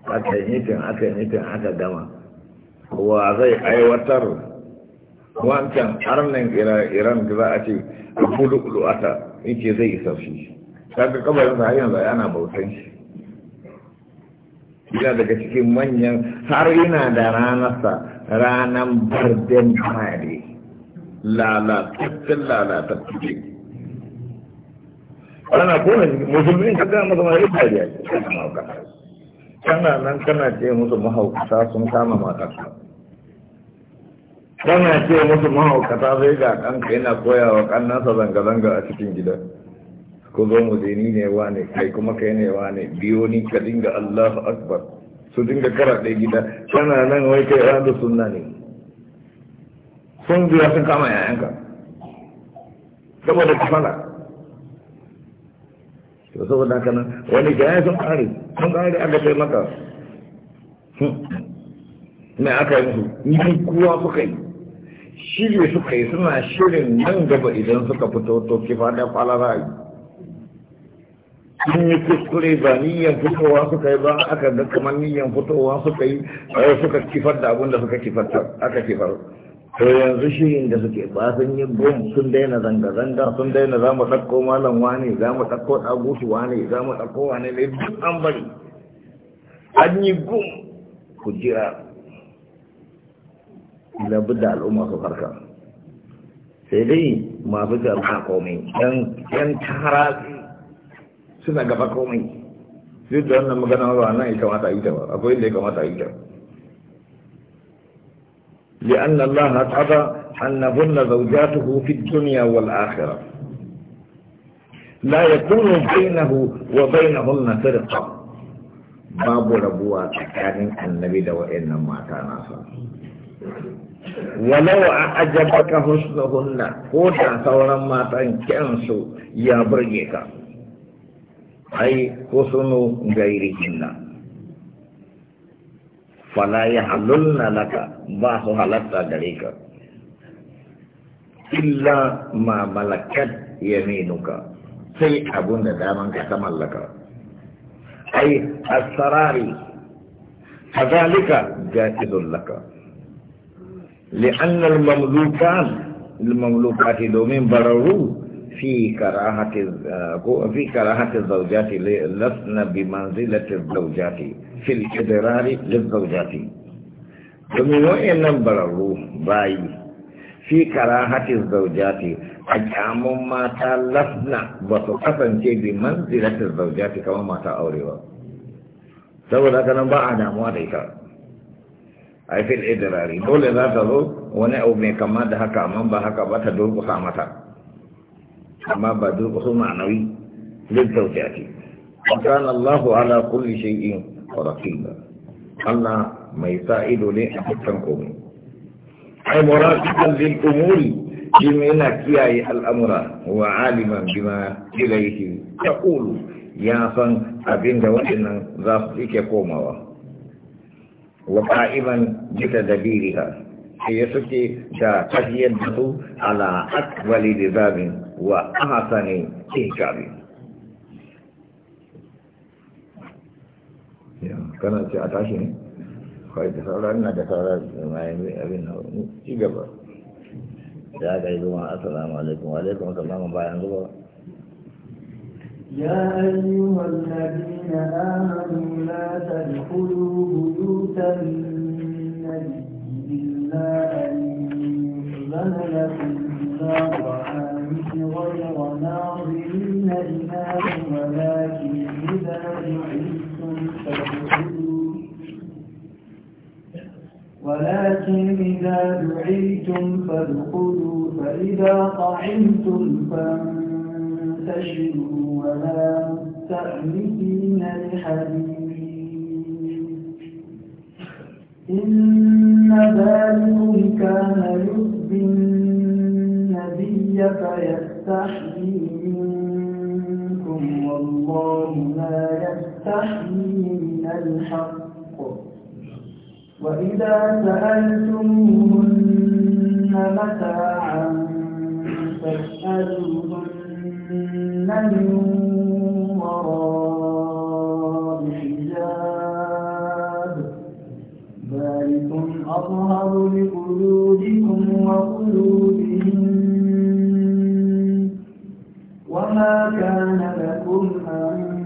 aka yi mitin aka yi mitin aka gama wa zai aiwatar wancan arnin iran da za a ce a kudu ulu'ata yake zai isa shi kaga kabarin sa yanzu ana bautan shi yana daga cikin manyan har yana da ranarsa ranar barden kare lalatattun lalatattun ne ana kone musulmi ka gama zama rikiya ya ce kana nan kana ce musu mahaukata sun kama matarsa kana ce musu mahaukata sai ga kanka yana koya wa kannansa zanga-zanga a cikin gida ku zo mu je ni ne wa ne kai kuma kai ne wa ne biyo ni ka dinga Allahu akbar su dinga karaɗe gida kana nan wai kai ranar sunna ne sun biya sun kama yayanka saboda fara. to saboda haka nan wani jaya sun ƙare sun ƙare aka kai maka hmm. me aka yi ni kuwa suka yi shirye suka yi suna shirin nan gaba idan suka fito to kifa da kwalara yi sun yi kuskure ba niyan fitowa suka yi ba aka ga kamar niyan fitowa suka yi eh, suka kifar da abin da suka kifar aka kifar to yanzu shirin da suke ba sun yi gom sun daina zanga-zanga sun daina za mu ɗauko malam wane za mu ɗauko ɗagusu wane za mu ɗauko wane ne duk an bari an yi gum ku jira labu da al'umma su farka sai dai masu jama'a komai yan tara suna gaba komai duk da wannan magana wa nan ita mata ita ba akwai inda ya kamata ita ba لأن الله قضى أنهن زوجاته في الدنيا والآخرة لا يكون بينه وبينهن فرقة باب ربوة كان النبي دواء إنما كان أصلا ولو أعجبك حسنهن كودا ثورا ما تنكنسو يا برجك أي حسن غيرهن فلا يحلن لك باه حلت ذلك الا ما ملكت يمينك سي ابون دا من كتم لك اي السرار فذلك جاهد لك لان المملوكان المملوكات دومين برروا fi karahati zaujati lasna bi manzilati zaujati fil idrari lil zaujati domin wa'annan bararru bayi fi karahati zaujati a kyamun mata lasna ba su kasance bi manzilati zaujati kamar mata aurewa saboda haka nan ba a damuwa da ita a fil idrari dole za ta zo wani abu mai kama da haka amma ba haka ba ta durkusa mata amma ba durƙusu ma'anawi zai tausi ake kan Allah ala kulli shay'in raqiba Allah mai sa ido ne a dukkan komai ai muraqiban lil umuri shi yana kiyaye al'amura wa aliman bima ilayhi taqulu ya san abin da waɗannan za su yake komawa wa qa'iman bi tadbiriha sai suke da tafiyar da su ala akwali da zabin wa ahsani ihkami ya kana ce a tashi ne kai da sauran na da sauran mai abin na ci gaba da ga yi zuwa assalamu alaikum wa alaikum assalam bayan zuwa يا أيها الذين آمنوا لا تدخلوا بيوت النبي إلا أن يؤذن لكم بما غير ناظرين إله ولكن إذا دعيتم فادخلوا ولكن إذا دعيتم فادخلوا فإذا طعمتم فانتشروا ولا مستأنسين لحديث إن ذلكم كان يؤذي النبي فيستحيي منكم والله لا يستحيي من الحق وإذا سألتموهن متاعا فاسألوهن من وراء حجاب ذلكم أظهر لقلوبكم وقلوبهم كان لكم أن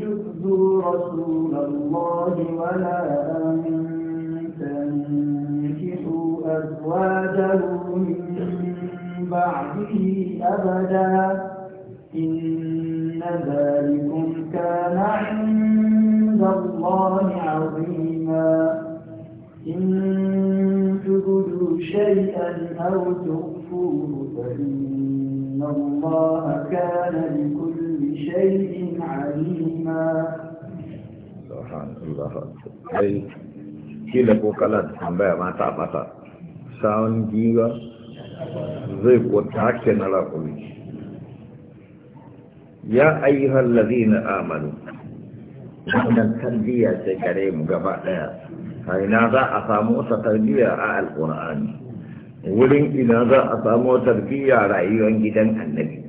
تؤذوا رسول الله ولا أن تنكحوا أزواجه من بعده أبدا إن ذلكم كان عند الله عظيما إن تبدوا شيئا أو تخفوه فإن الله كان لكل شيء عليما سبحان الله أي kila ko kala tambaya ma ta fata sawon giwa zai ko take na rakumi ya ayyuhal ladina amanu wannan tarbiyya ce gare mu gaba daya kai na za a samu wata tarbiyya a alqur'ani wurin ina za a samu tarfiya rayuwar gidan annabi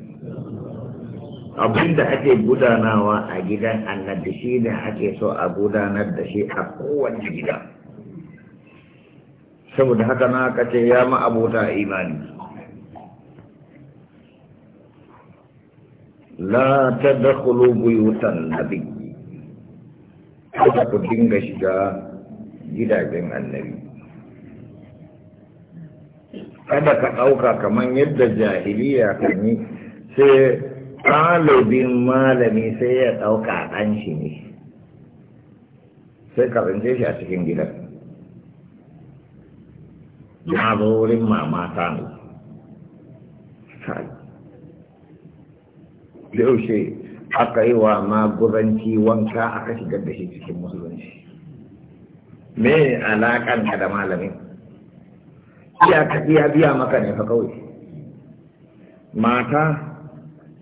abin ake gudanawa a gidan annabi shi ne ake so a gudanar da shi a kowane gida saboda haka na kace ya ma abota imani la ta buyutan nabi kada ku dinga shiga gidajen annabi kada ka ɗauka kamar yadda jahiliya kan yi sai ɗalibin malami sai ya ɗauka ɗan shi ne sai ka karance shi a cikin gidan ya zo wurin mamata ne yaushe aka yi wa maguranci wanka aka shigar da shi cikin musulunci me alaƙanta da malamin iya ka iya biya maka ne fa kawai mata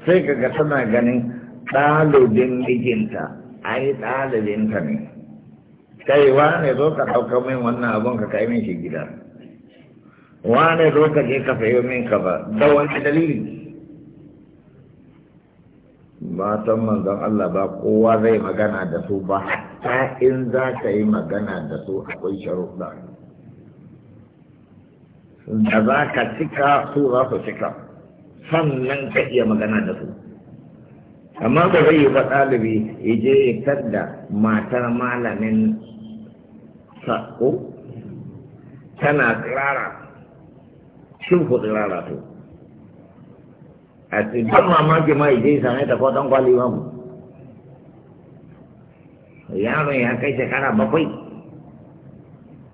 sai ka tana ganin ɗalibin mijinta ai ɗalibinta ne kai wane zo ka ɗauka min wannan abun ka kai min shi gida wane zo ka je ka sayo min ka ba da wani dalili matan manzon Allah ba kowa zai magana da su ba ta in za ka yi magana da su akwai sharuɗa da za ka cika su za su cika sannan ka iya magana da su amma ba zai yi ba ɗalibi ya je ya tadda matar malamin sa'o tana tsirara shin ku tsirara to a ban mamaki ma ya je ya same ta kwatan kwali mamu yaron ya kai shekara bakwai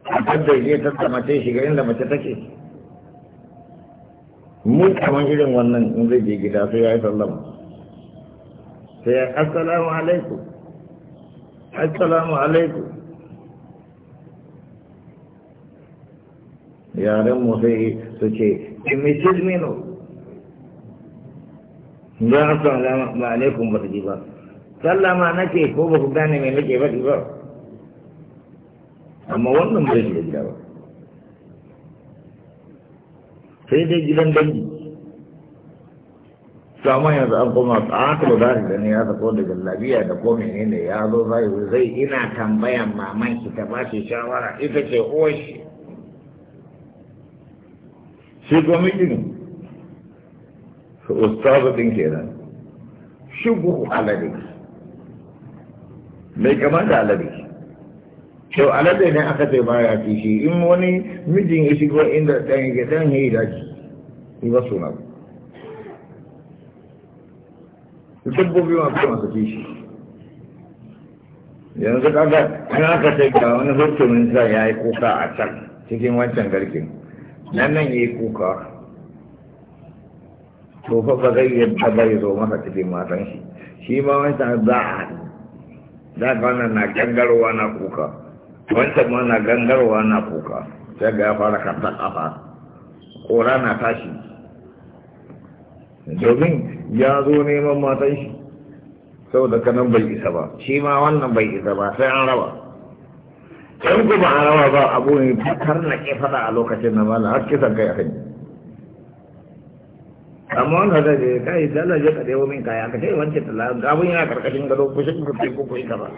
a tadda ya je tattamace shiga inda mace take mu kamar irin wannan in zai je gida sai ya yi sallama sai ya assalamu alaikum assalamu alaikum yaren mu sai su ce imitis mino don assalamu alaikum ba ji ba sallama nake ko ba ku gane mai nake ba ba amma wannan bai je gida ba sai dai gidan dangi sama yanzu an koma da za ka gani ya sako da jallabiya da ko da ya zo zai zai ina tambayan maman ki ta bashi shawara ita ce uwar shi shi gwamnatin su ustazu din shi shugu alade mai kama da alade to alade ne aka ce baya kishi in wani mijin ya shigo inda ɗan yake ɗan ya yi daki in ba suna dabbobi masu masu kishi yanzu kaga in aka ce ga wani mun sa ya yi kuka a can cikin wancan garkin nan nan ya yi kuka to fa ba zai yadda bai zo maka cikin matan shi shi ma wancan za a haɗu za wannan na gangarowa na kuka wancan ma na gangarwa na kuka sai ga ya fara kanta kafa kora na tashi domin ya zo neman matan shi saboda kanan bai isa ba shi ma wannan bai isa ba sai an raba in ku ba an raba ba abu ne fitar na ke fada a lokacin na mala har kisan kai a kai amma wanda zai je kai dala je ka wa min kaya ka ce wancan tala gabun yana karkashin gado kushin ka ko kuyi ka ba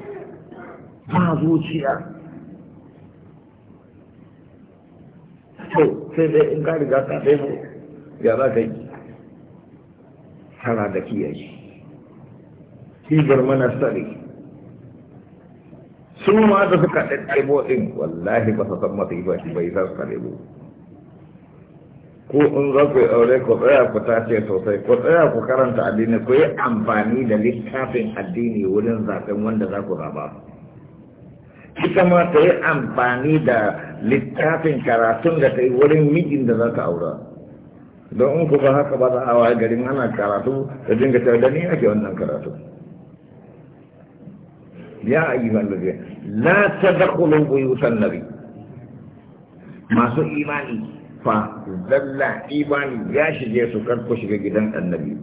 ba zuciya to sai dai in ka riga ka ɗaya ya za ka yi tana da kiyaye sigar mana tsari su ma da suka ɗaɗɗaibo ɗin wallahi ba su san yi ba shi bai san kare ba ko in za ku yi aure ku tsaya ku tace sosai ku tsaya ku karanta addini ku yi amfani da littafin addini wurin zaɓen wanda za ku zaɓa ita ma ta yi amfani da littafin karatun da kai wurin mijin da za ka aura don in ku ba haka ba za a waye garin ana karatu da dinga cewa da ni ake wannan karatu ya ayi ladina la tadkhulu buyutan nabi masu imani fa zalla imani ya shige su kar ku shiga gidan annabi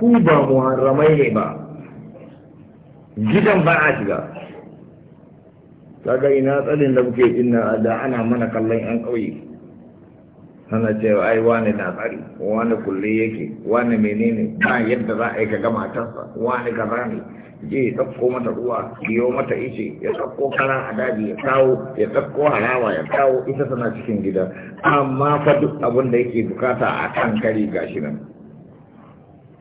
ku ba muharramai ne ba gidan ba a shiga kaga ina tsalin da muke inna da ana mana kallon yan ƙauye ana cewa ai wani na tsari wani kulle yake wani menene ba yadda za a yi ka ga matarsa wani kaza ne je ya tsakko mata ruwa biyo mata ice ya tsakko kara a daji ya kawo ya tsakko harawa ya kawo ita tana cikin gida amma fa duk abin da yake bukata a kan kari gashi nan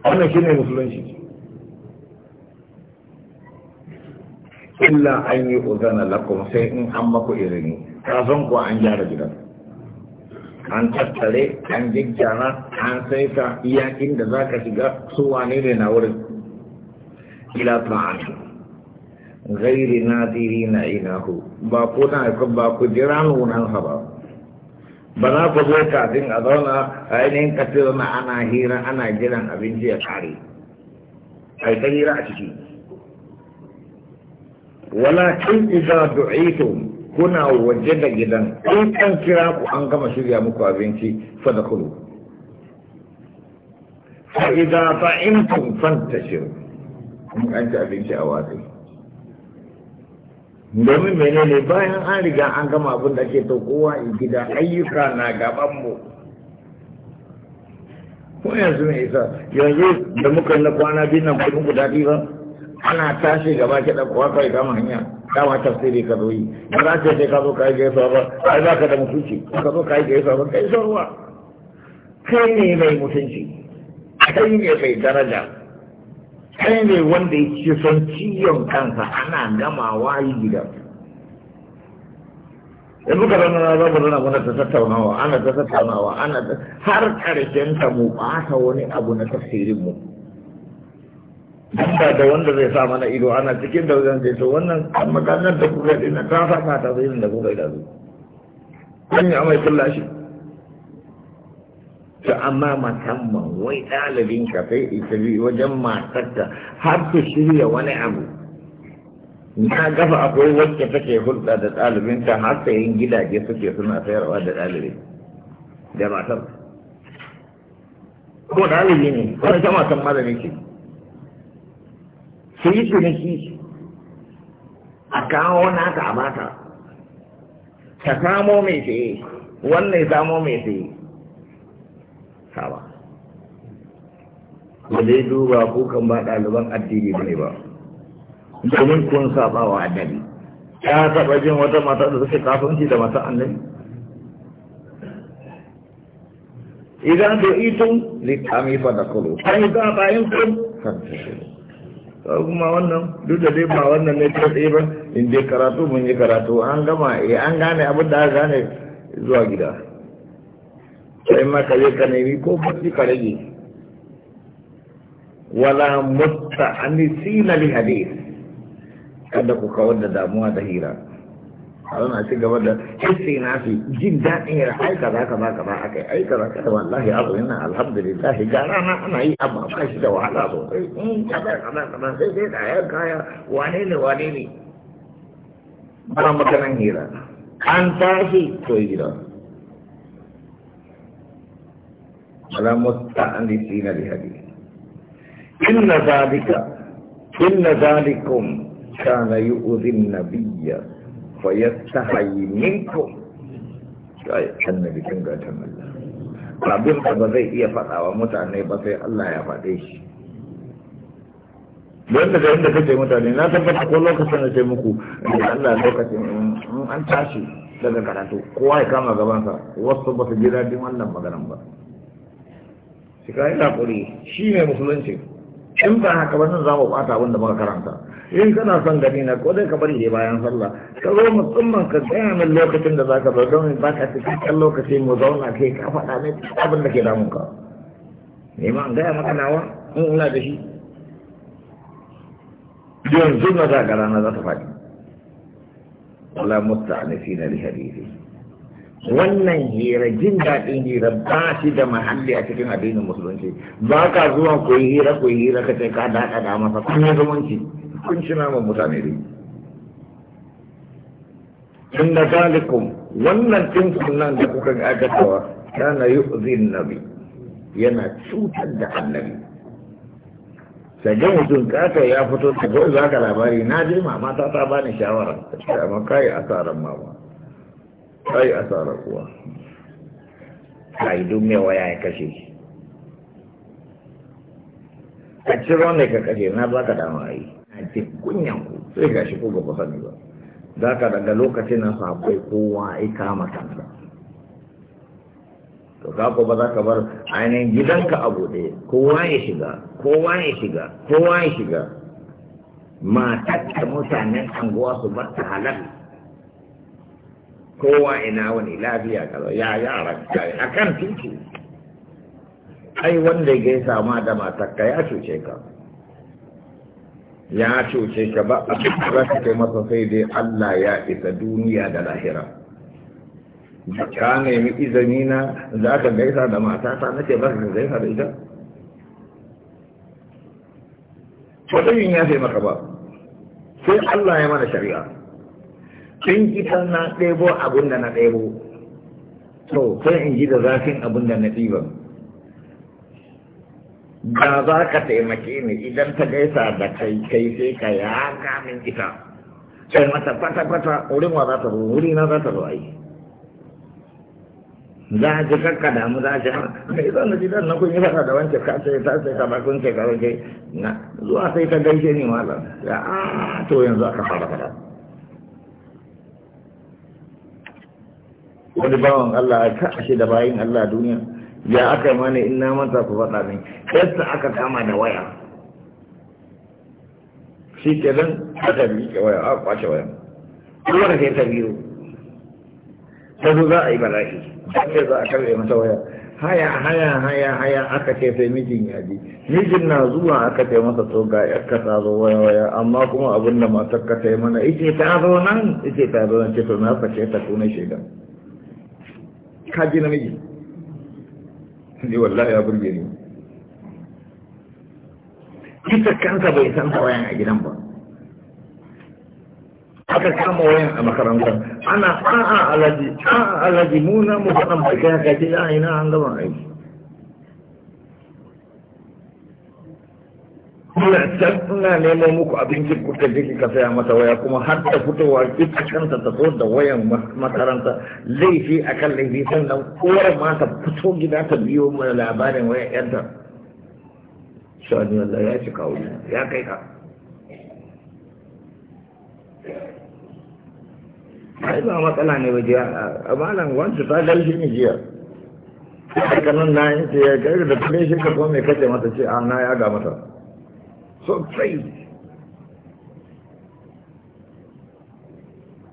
wannan shine musulunci illa an yi uzana lakum sai in an maku izini san kuwa an gyara gidan an tattare an jijjara an saita iya inda za ka shiga su wane ne na wurin ila ta'ani gairi nadiri na inahu ba ku na ba ku jira nunansa ba ba na ku zo kafin a zauna a yanayin kafin ana hira ana jiran abinci ya kare a yi ta hira a ciki walakin idza du'itum kuna waje da gidan in kan kira ku an gama shirya muku abinci fa fadkhulu fa idza ta'imtum fantashiru in an ci abinci a watsi domin menene bayan an riga an gama abin da ke to kowa gida ayyuka na gaban mu ko yanzu ne isa yanzu da muka na kwana biyu nan kudin guda biyu ana tashi gaba ke da kuwa kai kama hanya dama tafsiri ka zo yi ba za ka ce ka zo kai gaisuwa ba ai za ka da mutunci ka zo kai gaisuwa ba kai ruwa kai ne mai mutunci kai ne mai daraja kai ne wanda ya ci son ciyon kansa ana gamawa wayi gida in muka zama na zama zana muna ta tattaunawa ana ta tattaunawa ana ta, har karshen ta mu ɓata wani abu na tafsirin mu dan ba da wanda zai sa mana ido ana cikin da wajen zai to wannan kan maganar da kuka dina ta saka ta zai da kuka da zuwa kan yi amai kulla shi ta amma musamman wai ɗalibin ka sai ita bi wajen matarta har ta shirya wani abu na gafa akwai wacce take hulɗa da ɗalibinta har sayin gidaje suke suna sayarwa da ɗalibi da matar ko ɗalibi ne wani ta matan malami ce su yi ciniki a kawo naka a bata ta samo mai saye wannan ya samo mai saye sawa ba dai duba kukan ba ɗaliban addini ba ne ba domin kun saba wa annabi ya taɓa jin wata mata da suke kafanci da mata annabi idan da itun litami fa da kulu fa idan ba yin kun fa kuma wannan duk da dai ba wannan ne ta tsaye ba in dai karatu mun yi karatu an gama eh an gane abin da aka gane zuwa gida sai ma ka je ka nemi ko bacci ka rage wala mutta anisina li hadith kada ku kawar da damuwa da hira a ci gaba da hissi na fi jin daɗin yara ai kaza kaza kaza aka yi ai kaza kaza wallahi abu yana alhamdulillah ga rana ana yi amma ba shi da wahala sosai in hmm, kaza kaza kaza sai sai kayan kaya wane ne wane ne ba maganan hira an tashi to yi gida ala sina li hadith inna zalika inna zalikum kana yu'dhi an-nabiyya fa yastahi minkum kai annabi kin ga ta Allah abin da ba zai iya faɗawa mutane ba sai Allah ya faɗe shi don da yadda kace mutane na tabbata ko lokacin da sai muku da Allah lokacin in an tashi daga karatu kowa ya kama gabansa wasu ba su ji daɗin wannan maganan ba shi ka yi haƙuri shi ne musulunci in ba haka ba zan za mu ɓata abin da muka karanta in kana son gani na ko dai ka bari dai bayan sallah ka zo musamman ka gaya min lokacin da zaka zo don ba ka cikakken lokaci mu zauna kai ka faɗa ne abin da ke damun ka ne ma gaya maka nawa in ina da shi yanzu na za ga rana za ta faɗi wala fi na li hadisi wannan hira jin daɗin hira ba shi da mahalli a cikin addinin musulunci ba ka zuwa koyi hira koyi hira ka ce ka daɗa da masa kun zumunci kun ci naman mutane ne inda zalikum wannan tinkun nan da kuka aikatawa kana yu'zin nabi yana cutar da annabi sai mutum kaka ya fito ta kawai za ka labari na je mama ta ta bani shawara ta ce amma kai asaran mama kai asaran kuwa kai dun mai waya ya kashe ka ciro ne ka kashe na ba ka dama yi su ce kunyan ku sai ga shi ko ba ku sani ba za ka daga lokacin nan su akwai kowa ya kama kansa to ka ko ba za ka bar ainihin gidanka a bude kowa ya shiga kowa ya shiga kowa ya shiga matar da mutanen anguwa su bar ta halal kowa ina wani lafiya kaza ya yara a kan titi ai wanda ya gaisa ma da matakka ya cuce ka ya cuce ka ba a za kai masa sai dai Allah ya isa duniya da lahira ka nemi izini na za ka gaisa da mata na ce ba ka gaisa da ita mutumin ya sai maka ba sai Allah ya mana shari'a in ita na ɗebo abin da na ɗebo to sai in ji da zafin abin da na ɗiban Ba za ka taimake ni idan ta gaisa da kai kai sai ka yaga min ita sai mata fata-fata wurin wa za ta zo wuri na za ta zo ai za a ji kakka damu za a ji mai zan da jidan na kun yi fata da wancan ka sai ta sai ka ba kun sai ka wanke na zuwa sai ta gaishe ni malam ya a ah, to yanzu aka fara fara wani bawan Allah ka ashe da bayin Allah duniya ya aka yi mani ina manta ku faɗa min yasa aka kama da waya shi ke nan aka miƙe waya a kwace waya kuma da ta biyu ta zo za a yi bala'i sai za a karɓe mata waya haya haya haya haya aka ce sai mijin ya ji mijin na zuwa aka ce masa to ga ka ta zo waya waya amma kuma abin da matar ka ta yi mana ita ta zo nan ita ta zo nan ce to na fashe ta kuna shaidan ka ji namiji ne wallahi ya burge ni kisa kansa bai san wayan a gidan ba aka kama wayan a makaranta ana a'a alaji a'a alaji mu na mu faɗan baki haka ce ya ina an gama aiki can ina nemo muku abincin kuka jiki ka saya mata waya kuma har da fitowa ita kanta ta zo da wayan makaranta laifi akan laifi sannan kowar ma ta fito gida ta biyo mana labarin wayan yanta shani Allah ya ci kawo ya kai ka ai ba matsala ne waje a malam wancu ta dalhi ne jiya ka nan na yin ta ya gari da tunai shi ka mai kace mata ce a na ya ga mata sosai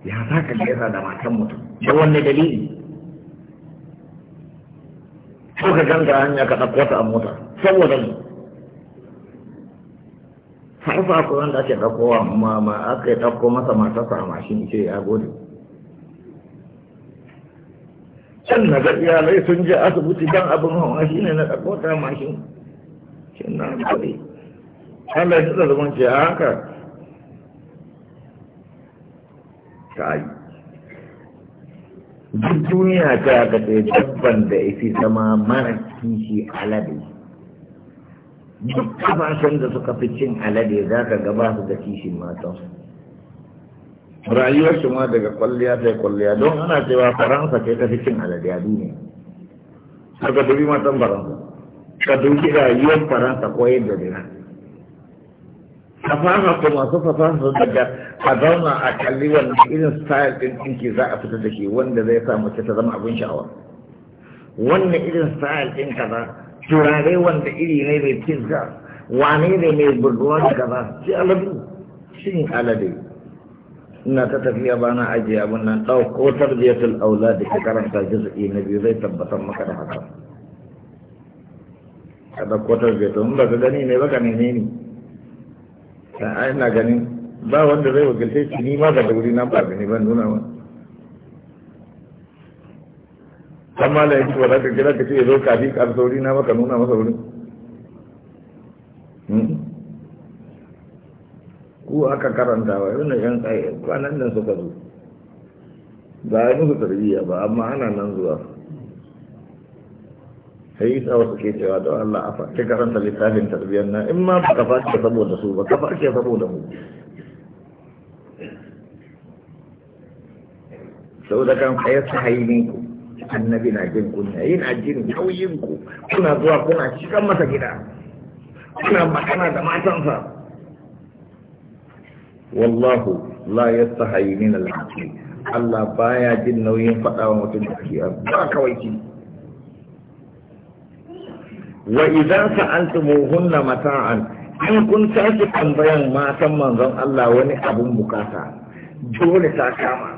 ya za ka gaisa da matan mutum da wanne dalili ko ka ganga hanya ka ɗauko ta a mota saboda ne har fa wanda ake ɗaukowa mama aka ɗauko masa matarsa a mashin ce ya gode can na ga iyalai sun je asibiti don abin hawa shine na ɗauko ta mashin shi na gode Allah ya tsada zumunci a haka kai duk duniya ta ga ɗaya dabban da ifi zama mara kishi alade duk kafashen da suka fi cin alade za ka gaba su da kishin matansu rayuwarsu ma daga kwalliya sai kwalliya don ana cewa faransa ce ta fi cin alade a duniya har ka dubi matan faransa ka dubi rayuwar faransa ko yadda dina fara ko masu fasaha sun daga a zauna a kalli wannan irin style din ɗinki za a fita da shi wanda zai sa mace ta zama abin sha'awa wannan irin style ɗin kaza turare wanda iri ne mai pizza wane ne mai da kaza shi aladu ne alade ina ta tafiya ba na ajiye abin nan ɗauko tarbiyatul aula da ke karanta jiz'i na biyu zai tabbatar maka da haka ka ɗauko tarbiyatul in ba ka gani ne ba ka ne ne ina ganin ba wanda zai wakilce shi ni ma ba da wuri na ba gani ban nuna ba kan ma laifin ba za ka kira ka ce ya zo kafi ka sauri na maka nuna masa wurin hmm? ku aka karanta wa irin yan kwanan nan suka zo ba a musu tarbiyya ba amma ana nan zuwa sai isa wasu cewa don Allah a fashe karanta littafin tarbiyyar nan in ma ba ka fashe saboda su ba ka fashe saboda mu sau da kan kayar su haini ku annabi na jin kunya yin ajin nauyin ku kuna zuwa kuna cikin masa gida kuna magana da matansa wallahu la yastahayi min al Allah baya jin nauyin faɗa wa mutum da ba kawai ki wa idan hunna mata'an in kun sake tambayan matan manzon Allah wani abun bukata dole ta kama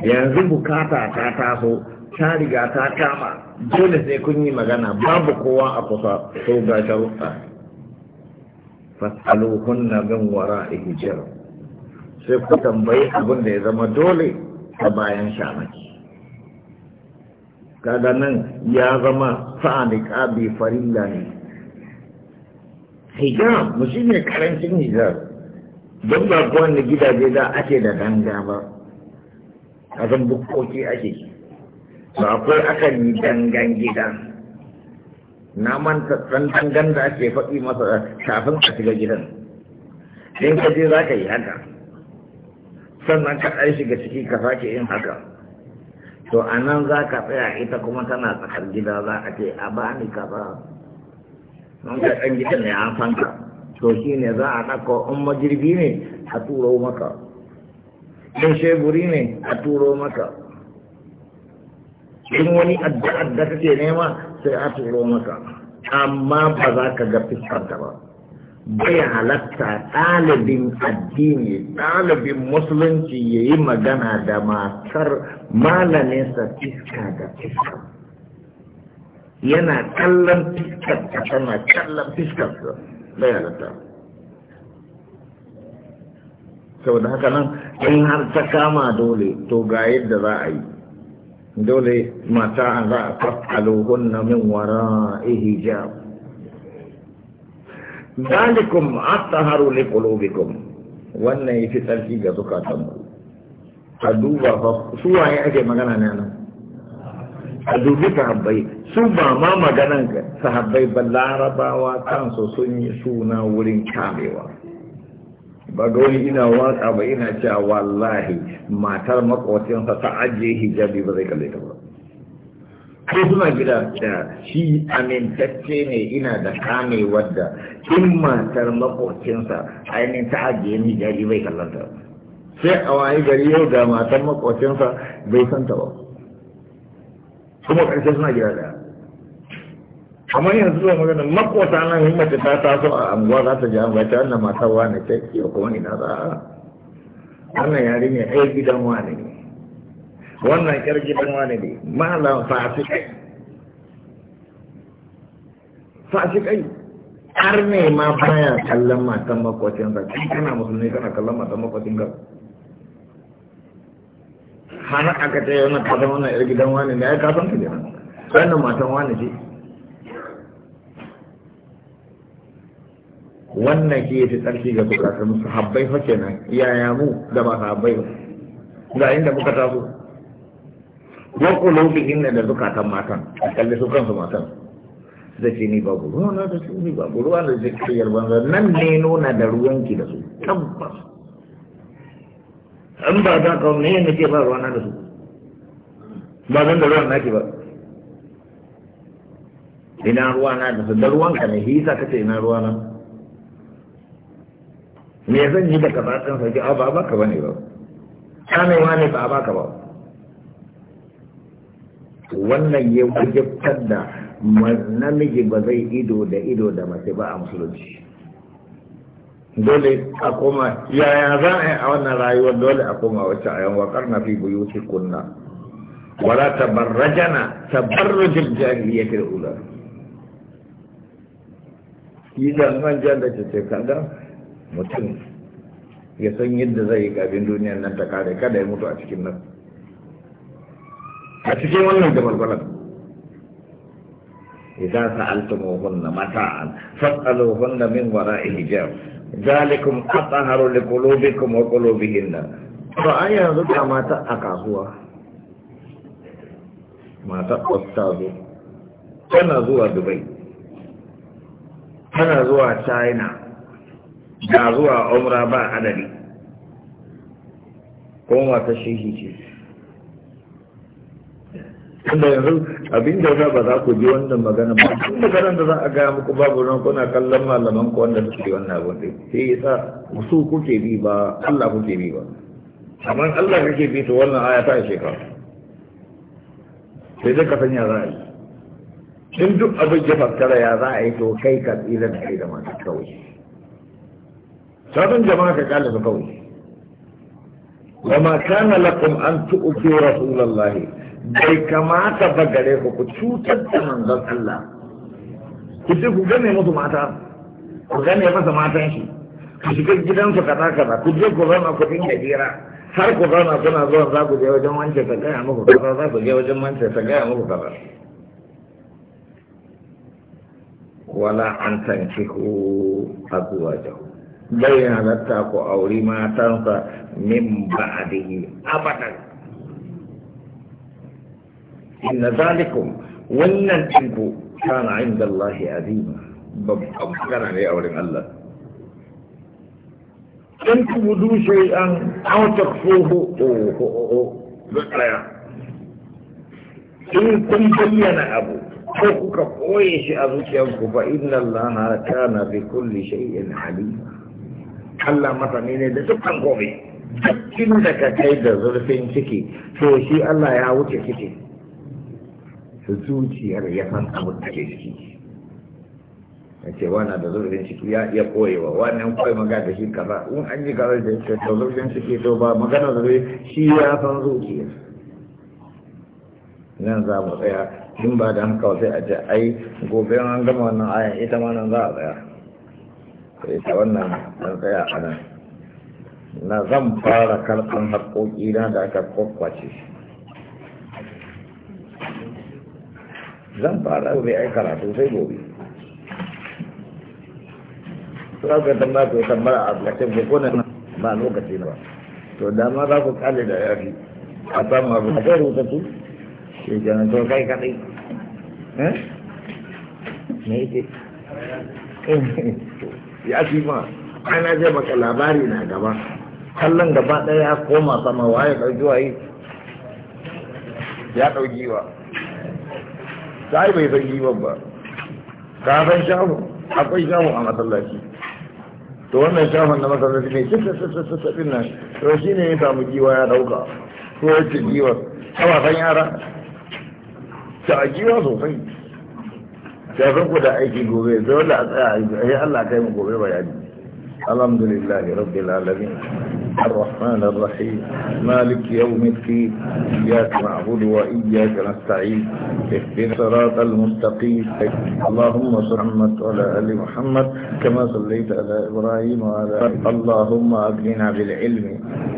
yanzu bukata ta taso ta riga ta kama dole sai kun yi magana babu kowa a kusa so ga sharuɗa fas'aluhunna min wara'i hijr sai ku tambayi abin da ya zama dole ta bayan shamaki kaga nan ya zama sa'ani bi farilla ne hijab musu ne karancin hijab don ba kowane gidaje da ake da danga ba a zan bukoki ake ba akwai akan yi dangan gida na manta ɗan dangan da ake faɗi masa kafin a shiga gidan in ka je za ka yi haka sannan ka ɗan shiga ciki ka sake yin haka to a nan za ka tsaya ita kuma tana tsakar gida za a ce a ba ni ka ba Mun ka ɗan gida ne an san ka to shi ne za a ɗauko in majirgi ne a turo maka in sheburi ne a turo maka in wani adda da kake nema sai a turo maka amma ba za ka ga fiskar ba bai halatta ɗalibin addini ɗalibin musulunci ya yi magana da matar malaminsa fiska da fiska yana kallon fiskar ta tana kallon fiskar ta bai halatta saboda haka nan in har ta kama dole to ga yadda za a yi dole mata za a fasaluhunna min wara'i hijab zalikum ataharu li qulubikum wannan yafi tsarki ga zukatanku a duba fa su waye ake magana ne nan a dubi sahabbai su ba ma maganan sahabbai ba larabawa kansu sun yi suna wurin kamewa ba ga wani ina waka ba ina cewa wallahi matar makwacinsa ta ajiye hijabi ba zai kalle ta ba kai suna gida da shi amintacce ne ina da kame wadda in matar makocinsa ainihin ta ajiye ni jari bai kallanta sai a waye gari yau da matar makocinsa bai santa ba kuma ƙarshe suna gida da kamar yanzu zuwa magana makota na yin mace ta taso a anguwa za ta ji an bace wannan matar wane ce yau kuma na za a wannan ne, ai gidan wane ne wannan ƴar gidan wani ne malam fasikai fasikai har ne ma baya kallon matan ka kai kana musulmi kana kallon matan ka? har aka ce yana kasan wannan ƴar gidan wani ne ya kasan ta kenan wannan matan wani ce wannan ke yi tsarki ga musu Habbai fa kenan yaya mu da ba habbai ba ga inda muka taso wa inna da zukatan matan a kalli su kansu matan zai ce ni babu ruwa na da su ni babu ruwa da zai kiyar banza nan ne nuna da ruwanki da su tabbas an ba za ka ne nake ba ruwa na da su ba zan da ruwan naki ba ina ruwa na da su da ruwan ka ne hisa kace ina ruwa na me zan yi da kaza sauki a ba ba ka ne ba kamewa ne ba ba ka ba wannan ya wajabtar da namiji ba zai ido da ido da mace ba a musulunci dole a koma yaya za a yi a wannan rayuwar dole a koma wacce a yawon wakar na fi su kunna wala tabarrajana tabarrujul jahiliyyatil ula yi man jan da ce kaga mutum ya san yadda zai yi kabin duniyar nan ta kare kada ya mutu a cikin nan a cikin wannan dabarbaran idan sa'altumuhunna mata'an fas'aluhunna min wara'i hijab zalikum atharu liqulubikum wa qulubihinna to ai yanzu ga mata a kasuwa mata ustazu tana zuwa dubai tana zuwa china ga zuwa umra ba adadi kuma mata shehi ce tunda yanzu abin da za ba za ku ji wannan magana ba tun maganar da za a gaya muku babu ran kuna kallon malaman ku wanda suke wannan abin din sai ya sa su kuke bi ba Allah kuke bi ba amma Allah kake bi to wannan aya ta ishe ka sai dai ka san ya za a yi in duk abin ya fassara ya za a yi to kai ka tsira da kai da masu kawai sabon jama'a ka kala su kawai وما كان لكم أن تؤتوا رسول الله bai kamata ba gare ku ku cutar da manzon Allah ku ce ku gane musu mata ku gane masa matan shi ku shiga gidansu kaza kaza ku je ku zauna ku dinga jira har ku zauna kuna zuwa za ku je wajen wance ta gaya muku kaza za ku je wajen wance ta gaya muku kaza wala an a zuwa azwajahu bai halatta ku auri matansa min ba'adihi abadan إن ذلكم ولن تنكو كان عند الله عظيما ببقى كان عليه أولين الله إن تبدو شيئا أو تخفوه أوه أوه أوه إن كن بين abu ko kuka koye shi a zuciyarku ba inna Allah kana bi kulli shay'in alim Allah masani ne da dukkan gobe duk da ka kai da zurfin ciki to shi Allah ya wuce ciki zuciyar ya san abin da ke ciki ya ce wana da zurfin ciki ya iya koyewa wannan koyi maga da shi kaza in an yi kaza da shi ta zurfin ciki to ba magana da zai shi ya san zuciyar nan za mu tsaya in ba da hankali sai a ce ai gobe an gama wannan ayan ita ma nan za a tsaya sai ta wannan an tsaya a nan na zan fara karɓar haƙoƙi na da aka kwakwace zan fara gobe ai karatu sai gobe za ka tambaya ku tambara a lokacin ko nan ba lokaci ba to dama za ku kale da yafi a samu abu a kai rubutu ke ganin to kai kadai eh? me yake *laughs* ya fi ma ana je maka labari na gaba kallon gaba ɗaya ya koma sama waye ɗauki waye ya ɗauki wa sai bai san giban ba ka san shafin? akwai shafin a masallaci to wannan shafin na masallaci ne cikin sassa nan to shi ne ya samu giwa ya dauka ko ya ci giwa sama wasan yara ta a giwa sosai ta san ku da aiki gobe wanda a tsaya a yi Allah kai mu gobe bayani alhamdulillah ya rabbi lalabi الرحمن الرحيم مالك يوم الدين إياك نعبد وإياك نستعين اهدنا الصراط المستقيم اللهم صل محمد وعلى آل محمد كما صليت على إبراهيم وعلى اللهم أغننا بالعلم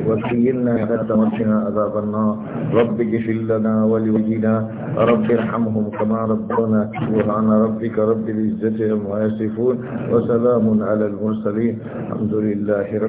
وكيلنا وقنا عذاب النار رب اغفر لنا ولوجينا رب ارحمهم كما ربنا سبحان ربك رب العزة عما يصفون وسلام على المرسلين الحمد لله رب